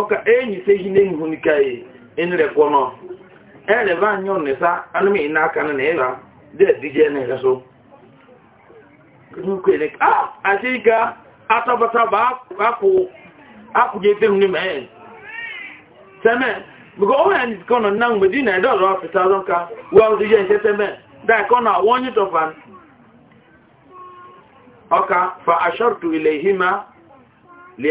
ọka enyi se hi e na ihu nika ye enire kɔ nɔ ɛnlɛ ba n'aka na ịla dị adidze ne so kò ah ga atabata ba ako ako dze te hu ne Teme because ɔmɛ yɛ nisikɔ na ɛdɔ ka na wɔn nyi ọka fa ile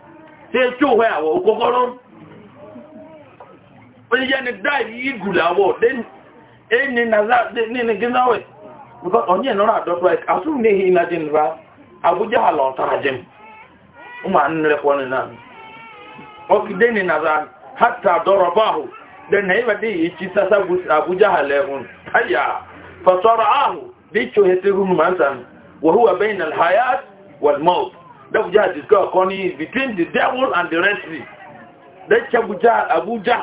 ṣe tí ó hẹ́ àwọ̀ òkókọ́rọ́ oníjẹ́ ni dáì yí gùlẹ̀ na ní ní gínáwẹ̀ because ọ̀ní ẹ̀nọ́rọ̀ àdọ́tọ̀ ẹ̀ asúrù ní èyí ìnájẹ́ nìra agbójá àlọ́ ọ̀tara jẹ́ mú ma bí tí ó tí máa ń bẹ́yìn mọ́ọ̀tù dẹ́kùjá discuss kan ní between the devil and the rest of dẹ́kùjá abuja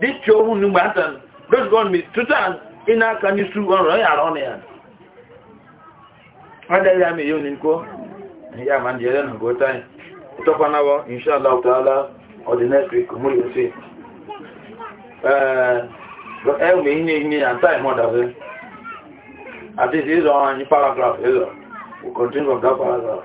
dé tí ohun nígbà tán those gone me tuta iná kan ní sú ọ̀rọ̀ ẹ̀yà rọ́ ni yàn wọ́n dẹ́ yà mí yóò ní kó yà máa jẹ́ lẹ́nu kó táyì tọ́pọ̀ náà wọ́n inṣàlá ọ̀tàlá ọ̀dẹ̀ next week mú yóò sí ẹ̀rù mi ní ní àǹtá ìmọ̀dà sí àti ìsìn ìzọ̀ àwọn paragraph ìzọ̀ we continue from that paragraph